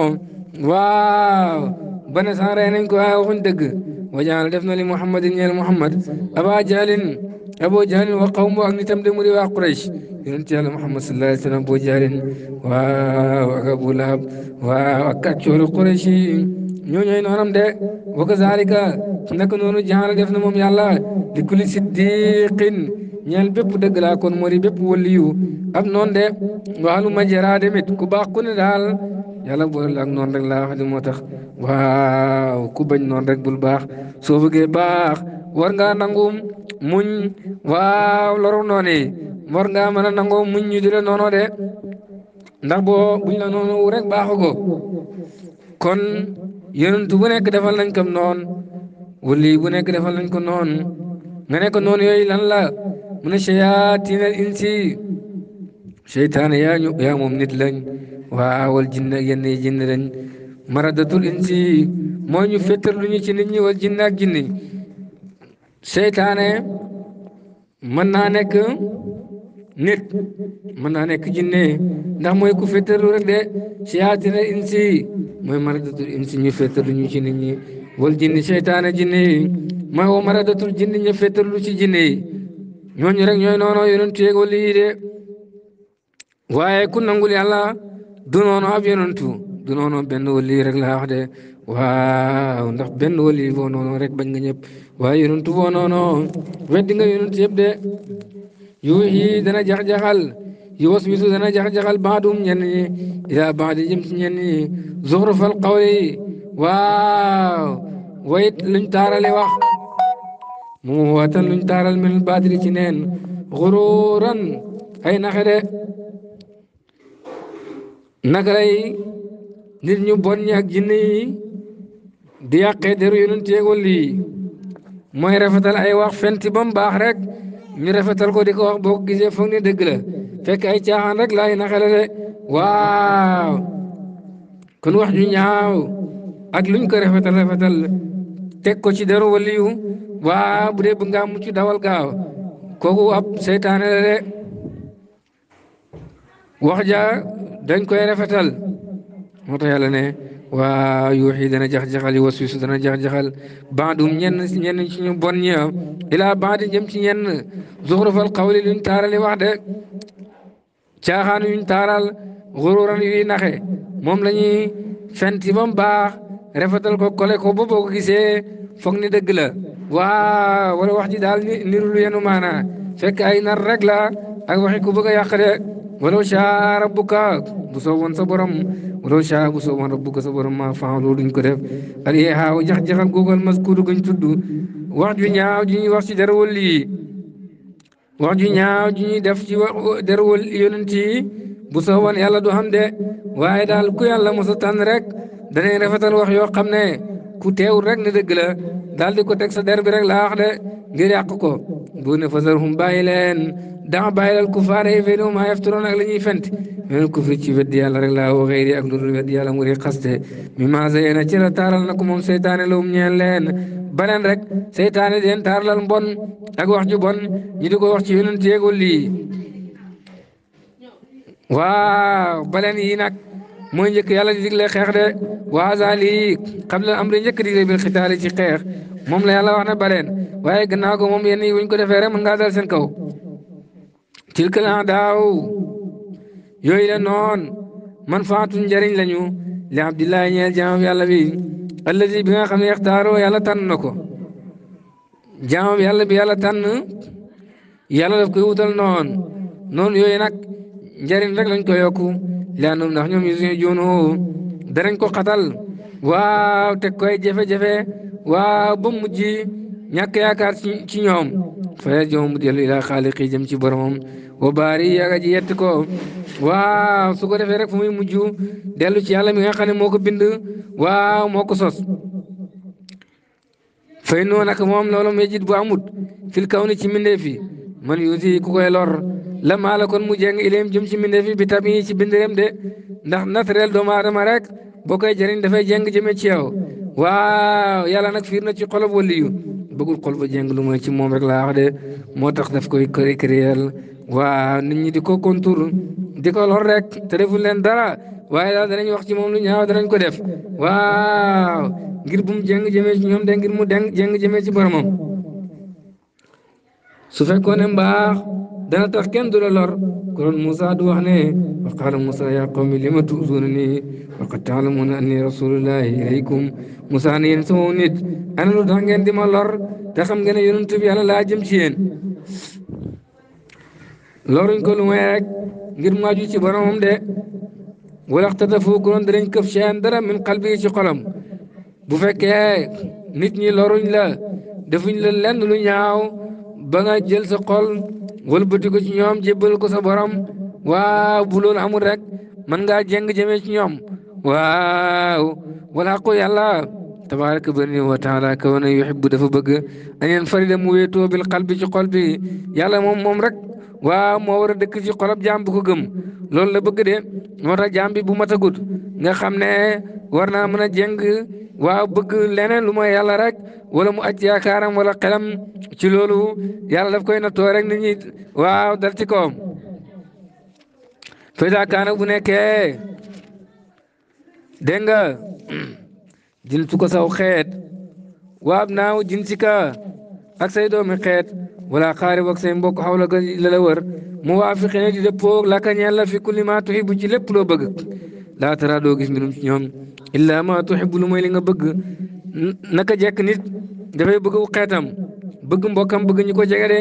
waaw ba nasaan rey nañ ko waaye waxuñ dëgg wajaal def na li muhammadin ñeel muhammad aba jaalin abo jaalin wa qawmu ak nitam de mu di waa quraysh yonent yàlla muhammad sallallahu alayhi wa sallam abo jaalin waaw ak abu lahab waaw ak kàccooru quraysh yi ñoo ñooy noonam de wa kazalika naka noonu jaala def na moom yàlla li kulli siddiqin ñeel bépp dëgg laa kon moo di bépp waliyu ab noon de waalu majara demit ku baax ku daal yàlla boole la ak noonu rek laa wax moo tax waaw ku bañ noonu rek bul baax soo bëggee baax war ngaa nangum muñ waaw loru noonu war ngaa mën a nangoo muñ ñu di la noonoo de ndax boo buñ la noonu rek baaxagoo kon yonent bu nekk defal nañ ko noonu wali bu nekk defal nañ ko noon nga nekk noonu yooyu lan la mu ne shayaatiinal insi seytaane yaa moom nit lañ. waa wal jinne ak yenn yi jinne lañ maradatul insi moo ñu féttar lu ñu ci nit ñi wal jinne ak jinne seytaane mën naa nekk nit mën naa nekk jinne ndax mooy ku féttarlu rek de seyaatina insi mooy maradatul si ñu féttar lu ñu ci nit ñi wal jinne seytaane jinne yi mooy wa maradatul jinne ñu féttar lu ci jinne yi ñooñu rek ñooy noonu yonent yeeg wali yi de waaye ku nangul yàlla du noonu ab yonantu du benn wali rek de waaw ndax benn wali boo noonu rek bañ nga ñëpp waaye yonantu boo noonu weddi nga yonantu yëpp dana jax-jaxal yu waswisu dana jax-jaxal baadum ñenn ñi ila baadi jëm ci ñenn ñi zuxrufal waaw wayit luñ taarale wax mu waatan luñ taaral min baadiri ci ay naxe de naka lay nit ñu bon ñi ak jinne yi di yàqee deru yonent yeeg wali mooy rafetal ay wax fenti ba mu baax rek ñu rafetal ko di ko wax boo ko gisee foog ne dëgg la fekk ay caaxaan rek laay naxale de waaw kon wax ju ñaaw ak luñ ko rafetal rafetal teg ko ci deru waliyu waaw bu dee bu nga mucc dawal gaaw kooku ab seytaane wax ja dañ koy rafetal moo tax yàlla ne waa yuuxi dana jax-jaxal yi waswisu dana jax-jaxal bandum ñenn ñenn ci ñu bon ñi ilaa bandi jëm ci ñenn zuxrufal xawli luñ taarali wax de caaxaan yuñ taaral xururan yuy naxe moom la ñuy fenti ba mu baax rafetal ko kole ko ba boo ko gisee foog ni dëgg la waa wala wax daal niru lu yenu maana fekk ay nar rek ak waxi ku bëgg a yàq de walaw shaa rabbuka bu sooboon sa borom walaw shaa bu sooboon rabbuka sa borom ma fa'alu duñ ko def al ihaaw jax jaxal googal maskuuru gañ tuddu wax ju ñaaw ju ñuy wax ci dara wal yi wax ju ñaaw ju ñuy def ci dara wal yonent ti bu sooboon yàlla du xam de waaye daal ku yàlla mos a tànn rek danay rafetal wax yoo xam ne ku teewul rek ne dëgg la daal di ko teg sa der rek laa wax de ngir yàq ko bu ne fasarhum bàyyi leen dama bàyyi lal kufaar yi fay doom maa yaftaroon ak la ñuy fent minal kufri ci weddi yàlla rek laa woo xëyri ak dudul weddi yàlla mu di xaste mi maasayena ci la taaral na ko moom seytaane lawum ñeen leen baleen rek seytaane deen taaralal mbon ak wax ju bon ñu di ko wax ci yonent yeegul lii waaw baleen yi nag mooy njëkk yàlla di digle xeex de waaza lii xam la am ri njëkk digle bil xitaali ci xeex moom la yàlla wax ne baleen waaye gannaaw ko moom yenn yi buñ ko defee rek mën ngaa dal seen kaw tilkal adaaw yooyu la noon man faatun njariñ lañu li abdillahi ñeel jaamam yàlla bi allazi bi nga xam ne yaxtaaroo yàlla tànn na ko jaamam yàlla bi yàlla tànn yàlla daf ko wutal noon noonu yooyu nag njariñ rek lañ ko yokku laanum ndax ñoom yusuñu joonoo darañ ko xatal waaw teg koy jafe-jafe waaw ba mujj ñàkk yaakaar ci ci ñoom faya jom dellu ilaa xaaliqi jëm ci boromam wa baari yaga ji yett waaw su ko defee rek fu muy mujj dellu ci yàlla mi nga xam ne moo ko bind waaw moo ko sos fay noo nag moom loolu mu yejit bu amut fil kaw ni ci mbindeef fi man yuusi ku koy lor la maala kon mu jeng ileem jëm ci mbindeef fi bi tam yi ci bindireem de ndax naturel doomu aadama rek boo koy jëriñ dafay jeng jëme ci yow waaw yàlla nag fiir ci xolob waliyu bëggul xol ba jeng lu ci moom rek laa wax moo tax daf koy créé créel waa nit ñi di ko contour di ko lor rek te deful leen dara waaye daal danañ wax ci moom lu ñaaw danañ ko def waaw ngir bu mu jeng jëmee ci ñoom de ngir mu deng jeng jëmee ci boromam su fekkoon ne mbaax dana tax kenn du la lor konoon Moussa du wax ne wa qaala Moussa yaa qawmi lima tu'zuunanii wa qad ta'lamuuna annii rasuulullaahi ilaykum Moussa ne yéen sama nit ana lu tax ngeen di lor te xam ngeen ne yonent bi laa jëm ci yéen loruñ ko lu may rek ngir mu aju ci boromam de wala xtatafu konoon danañ këf shay'an dara min qalbi ci xolam bu fekkee nit ñi loruñ la defuñ la lenn lu ñaaw ba nga jël sa xol wëlbati ko ci ñoom jébbal ko sa borom waaw bu loolu amul rek mën ngaa jeng jëmee ci ñoom waaw wala ko yàlla tabaraka bari wa taala kawana yuhibbu dafa bëgg an yan farida mu wéetoo bil qalbi ci xol bi yàlla moom moom rek waaw moo war a dëkk ci xolab jaam bu ko gëm loolu la bëgg de moo tax jaam bi bu mat a nga xam ne war naa mën a jeng waaw bëgg leneen lu mooy yàlla rek wala mu acc yaakaaram wala xelam ci loolu yàlla daf koy nattoo rek nit ñi waaw dal ci kawam fayda kaana bu nekkee dégg nga jin su ko saw xeet waab naaw jin si ak say doomi xeet wala xaari wak seen mbokk xaw la gën la la wër mu waafiqina di dëppoo laka ñeel la fi kulli maa tuxibu ci lépp loo bëgg laa tara doo gis mbirum ci ñoom illaa maa tuxibu lu mooy nga bëgg naka jekk nit dafay bëgg xeetam bëgg mbokkam bëgg ñu ko jege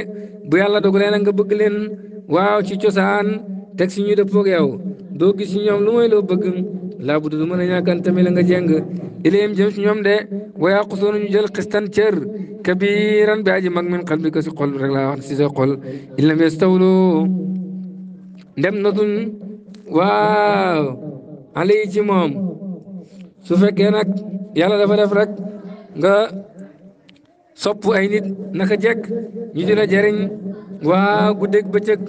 bu yàlla dogalee nag nga bëgg leen waaw ci cosaan teg si ñu dëppoo ak yow doo gis ci ñoom lu bëgg laa buddu du mën a ñàkkan tamit la nga jàng ilayhim jëm si ñoom de wa yaqusuuna ñu jël xistan cër kabiran bi aji mag min qalbika si xol rek laa wax si sa xol il lam yastawlu ndem notuñ waaw alay ci moom su fekkee nag yàlla dafa def rek nga sopp ay nit naka jekk ñu dina jëriñ waa guddeeg bëccëg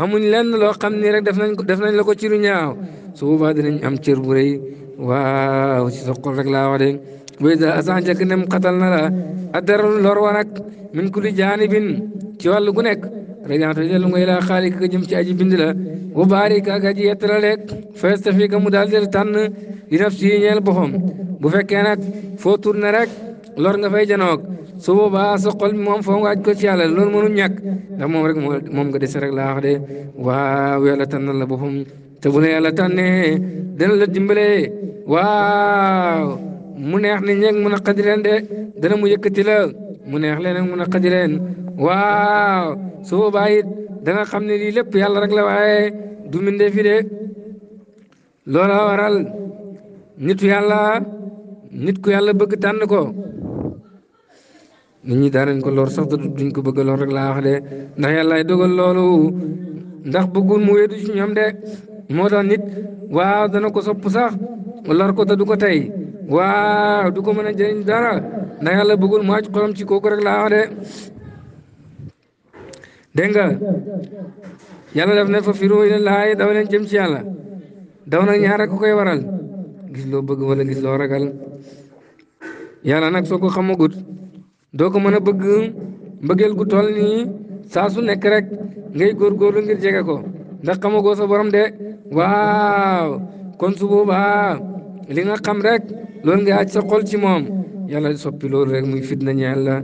amuñ lenn loo xam ni rek def nañ def nañ la ko ci ñaaw suufa dinañ am cër bu rëy waaw ci sa xol rek laa wax wa ida asan jak nem xatal na la addaral lor wa nag min kulli jaanibin ci wàllu gu nekk rajaatu dellu nga ilaa xaalik ka jëm ci aji bind la wa baari ka aji yettala rek fastafi ka mu daal del tànn li naf si lor nga fay janoog su boobaa sa xol moom foo nga aj ko ci yàlla loolu mënu ñàkk ndax moom rek moom nga dese te bu la yàlla tànnee dana la dimbale waaw mu neex ni ñeeg mu naqadi leen de dana mu yëkkati la mu neex leen ak mu naqadi leen waaw su boobaa it danga xam ne lii lépp yàlla rek la waaye du mindee fi de loola waral nitu yàlla nit ku yàlla bëgg tànn ko nit ñi daanañ ko lor sax duñ ko bëgg lor rek laa wax de ndax yàllaay dogal loolu ndax bëggul mu wéedu ci ñoom de moo doon nit waaw dana ko sopp sax lor ko te du ko tey waa du ko mën a jëriñ dara ndax yàlla bëggul mu àcc xolam ci kooku rek laa wax de dégg nga yàlla def ne fa firu ila laay daw leen jëm ci yàlla daw nag ñaar ak koy waral gis loo bëgg wala gis loo ragal yàlla nag soo ko xamagut doo ko mën a bëgg mbëggeel gu toll nii saa su nekk rek ngay góorgóorlu ngir jege ko ndax xamagoo sa borom de waaw kon su boobaa li nga xam rek loolu nga aj sa xol ci moom yàlla soppi loolu rek muy fitna ñeel la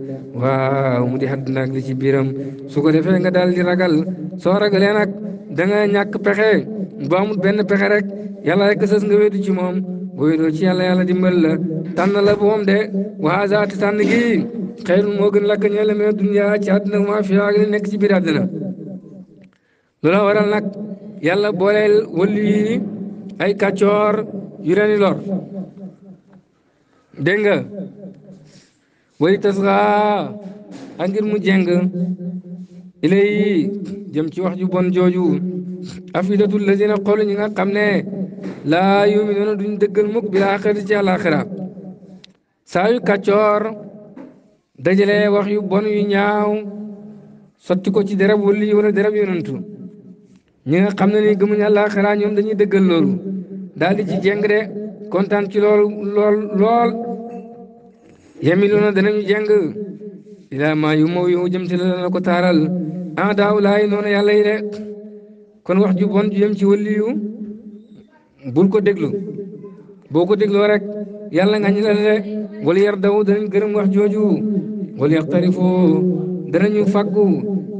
waaw mu di àddina li ci biiram su ko defee nga daal di ragal soo ragalee nag da ñàkk pexe ba amut benn pexe rek yàlla rek sës nga wéedu ci moom boo wéedoo ci yàlla yàlla dimbal la na la boom de waa zaati tànn gi xëy moo gën lakk ñeel la mais dunya ci àddina ma fi li nekk ci biir àddina loola waral nag yàlla booleel wëllu yi ay kàccoor yu leen lor dégg nga way tasxaa ak ngir mu jeng ilay jëm ci wax ju bon jooju afidatul lazina xool ñi nga xam ne laa yuminuuna duñ dëggal mukk bi laaxirati ci àlaaxira saa yu kàccoor dajale wax yu bon yu ñaaw sotti ko ci derab wëllu yi wala derab yonantu ñi nga xam ne ni gëmuñ àllaaxira dañuy dëggal loolu daal di ci jeng de kontaan ci lool lool lool yamiluuna danañu jeng ilaa maa yu maw yu jëm ci la la ko taaral ah daaw laay noonu yàlla yi de kon wax ju bon ju jëm ci waliyu bul ko déglu boo ko dégloo rek yàlla nga ñu la de wala yar daw danañ gërëm wax jooju wala yaxtarifoo danañu fàggu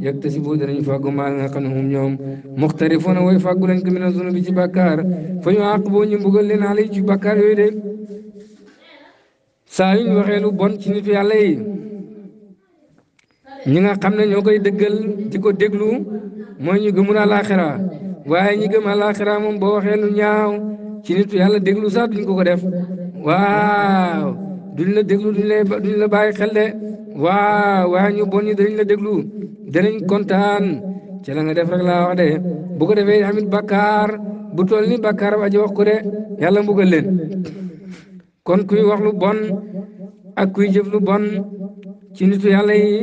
yëg te si bu danañ fàggu maa nga xam ne moom ñoom muxtarifuuna way fàggu lañ ko mina zunubi ci bàkkaar fa ñu àq boo ñu mbugal leen alay ci bàkkaar yooyu de saa ñu waxee bon ci nit yàlla yi ñi nga xam ne ñoo koy dëggal ci ko déglu mooy ñu gëmul àlaaxira waaye ñi gëm àlaaxira moom boo waxee lu ñaaw ci nitu yàlla déglu sax duñ ko ko def waaw duñ la déglu duñ la duñ bàyyi xel de waa waaye ñu bon ñi danañ la déglu danañ kontaan ci la nga def rek laa wax de bu ko defee amit bakkaar bu toll ni bakkaar ba aji wax ko de yàlla mbugal leen kon kuy waxlu bon ak kuy jëflu bon ci nitu yàlla yi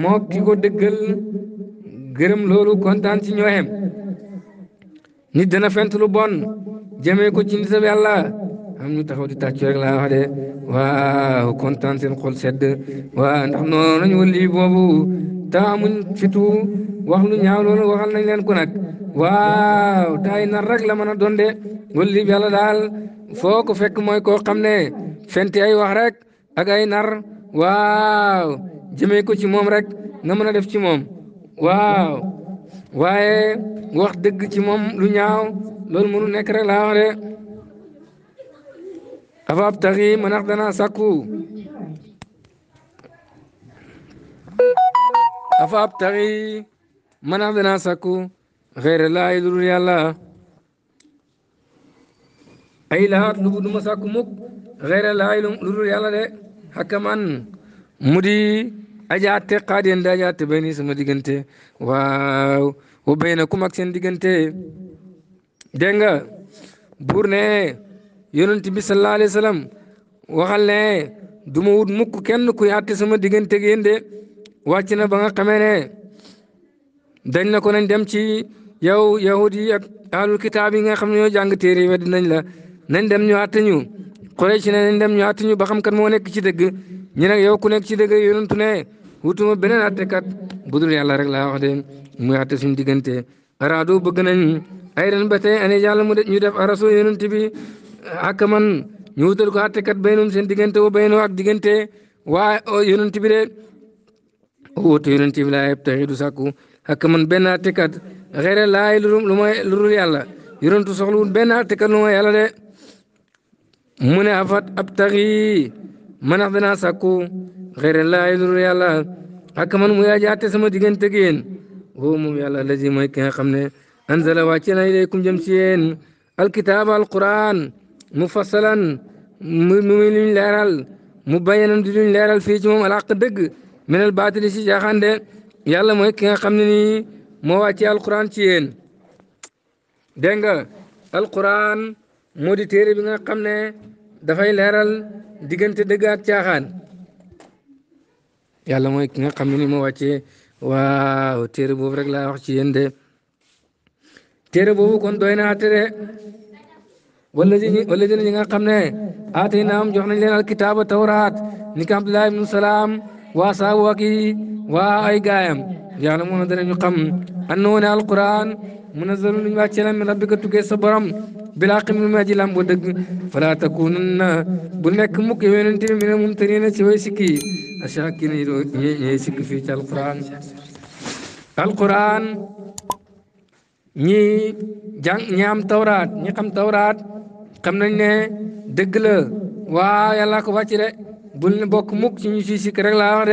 moo ki ko dëggal gërëm loolu kontaan ci ñoo xem nit dana fent lu bon jëmee ko ci nitab yàlla am ñu taxaw di tàccu rek laa wax de waaw kontaan seen xol sedd waaw ndax noonu lañu wëlli boobu taa amuñ fitu wax lu ñaaw loolu waxal nañ leen ko nag waaw ay nar rek la man a doon de wëlli yàlla daal foo ko fekk mooy koo xam ne fenti ay wax rek ak ay nar waaw jëmee ko ci moom rek nga mën a def ci moom waaw waaye wax dëgg ci moom lu ñaaw loolu mënu nekk rek laa wax de afaab taxi ma nax danaa sàkku afaab taxi ma nax danaa sàkku xeyra laa lu dul yàlla mukk xeyra laa lu de xakka man mu di ajaate xaadiyen di ajaate bayni sama diggante waaw wa bayna kum ak seen diggante dégg nga yonent bi sallallahu alayhi wa sallam waxal ne du ma wut mukk kenn kuy àtte sama diggante ak yéen wàcc na ba nga xamee ne dañ na ko nañ dem ci yow yahud yi ak ahlul nga xam ne ñoo jàng téere yi weddi nañ la nañ dem ñu àtte ñu Quraysh ne nañ dem ñu àtte ñu ba xam kat moo nekk ci dëgg ñu nag yow ku nekk ci dëgg yonentu ne wutuma beneen àttekat bu dul yàlla rek laa wax de muy àtte suñu diggante araado bëgg nañ ay ren ba ane yàlla mu ñu def xakaman man wutal ko àttekat baynum seen diggante wa baynoo ak diggante waa yonent bi de wuutu yonent bi laa yëpp du sàkku xakaman benn àttekat xere laay lu may lu dul yàlla yonentu soxluwul benn àttekat lu may de mu ne afat ab taxi man ax danaa sàkku xere laay lu dul mu yaaji sama diggante ak yéen woo moom yàlla lazi mooy ki nga xam ne anzala wàcce na ilaykum jëm ci yéen alkitaaba alquran mu fassalan mu mu muy luñ leeral mu bayanan di luñ leeral fii moom alaq dëgg minal baatili si jaaxaan de yàlla mooy ki nga xam ne nii moo wàccee alquran ci yéen dégg nga alquran moo di téere bi nga xam ne dafay leeral diggante dëgg ak caaxaan yàlla mooy ki nga xam ne ni moo wàccee waaw téere boobu rek laa wax ci yéen de téere boobu kon doy naa tere wala wala dina ñi nga xam ne aatay naam jox nañ leen alkitaaba tawraat ni ko abdullah ibnu salaam waa saabu ak yi waa ay gaayam yàlla moo na danañu xam annoo ne alquran munazalu luñu wàcce la min rabbika tukkee sa borom bilaa xam ne ma ji lam bu dëgg falaa takunanna bu nekk mukk yow yonente bi mina mumtariina ci way sikki ashakina yi ñooy sikki fii ci alquran alquran ñi jàng ñi am tawraat ñi xam tawraat xam nañ ne dëgg la waa yàlla ko wàcc de bul ne bokk mukk ci ñu si rek laa wax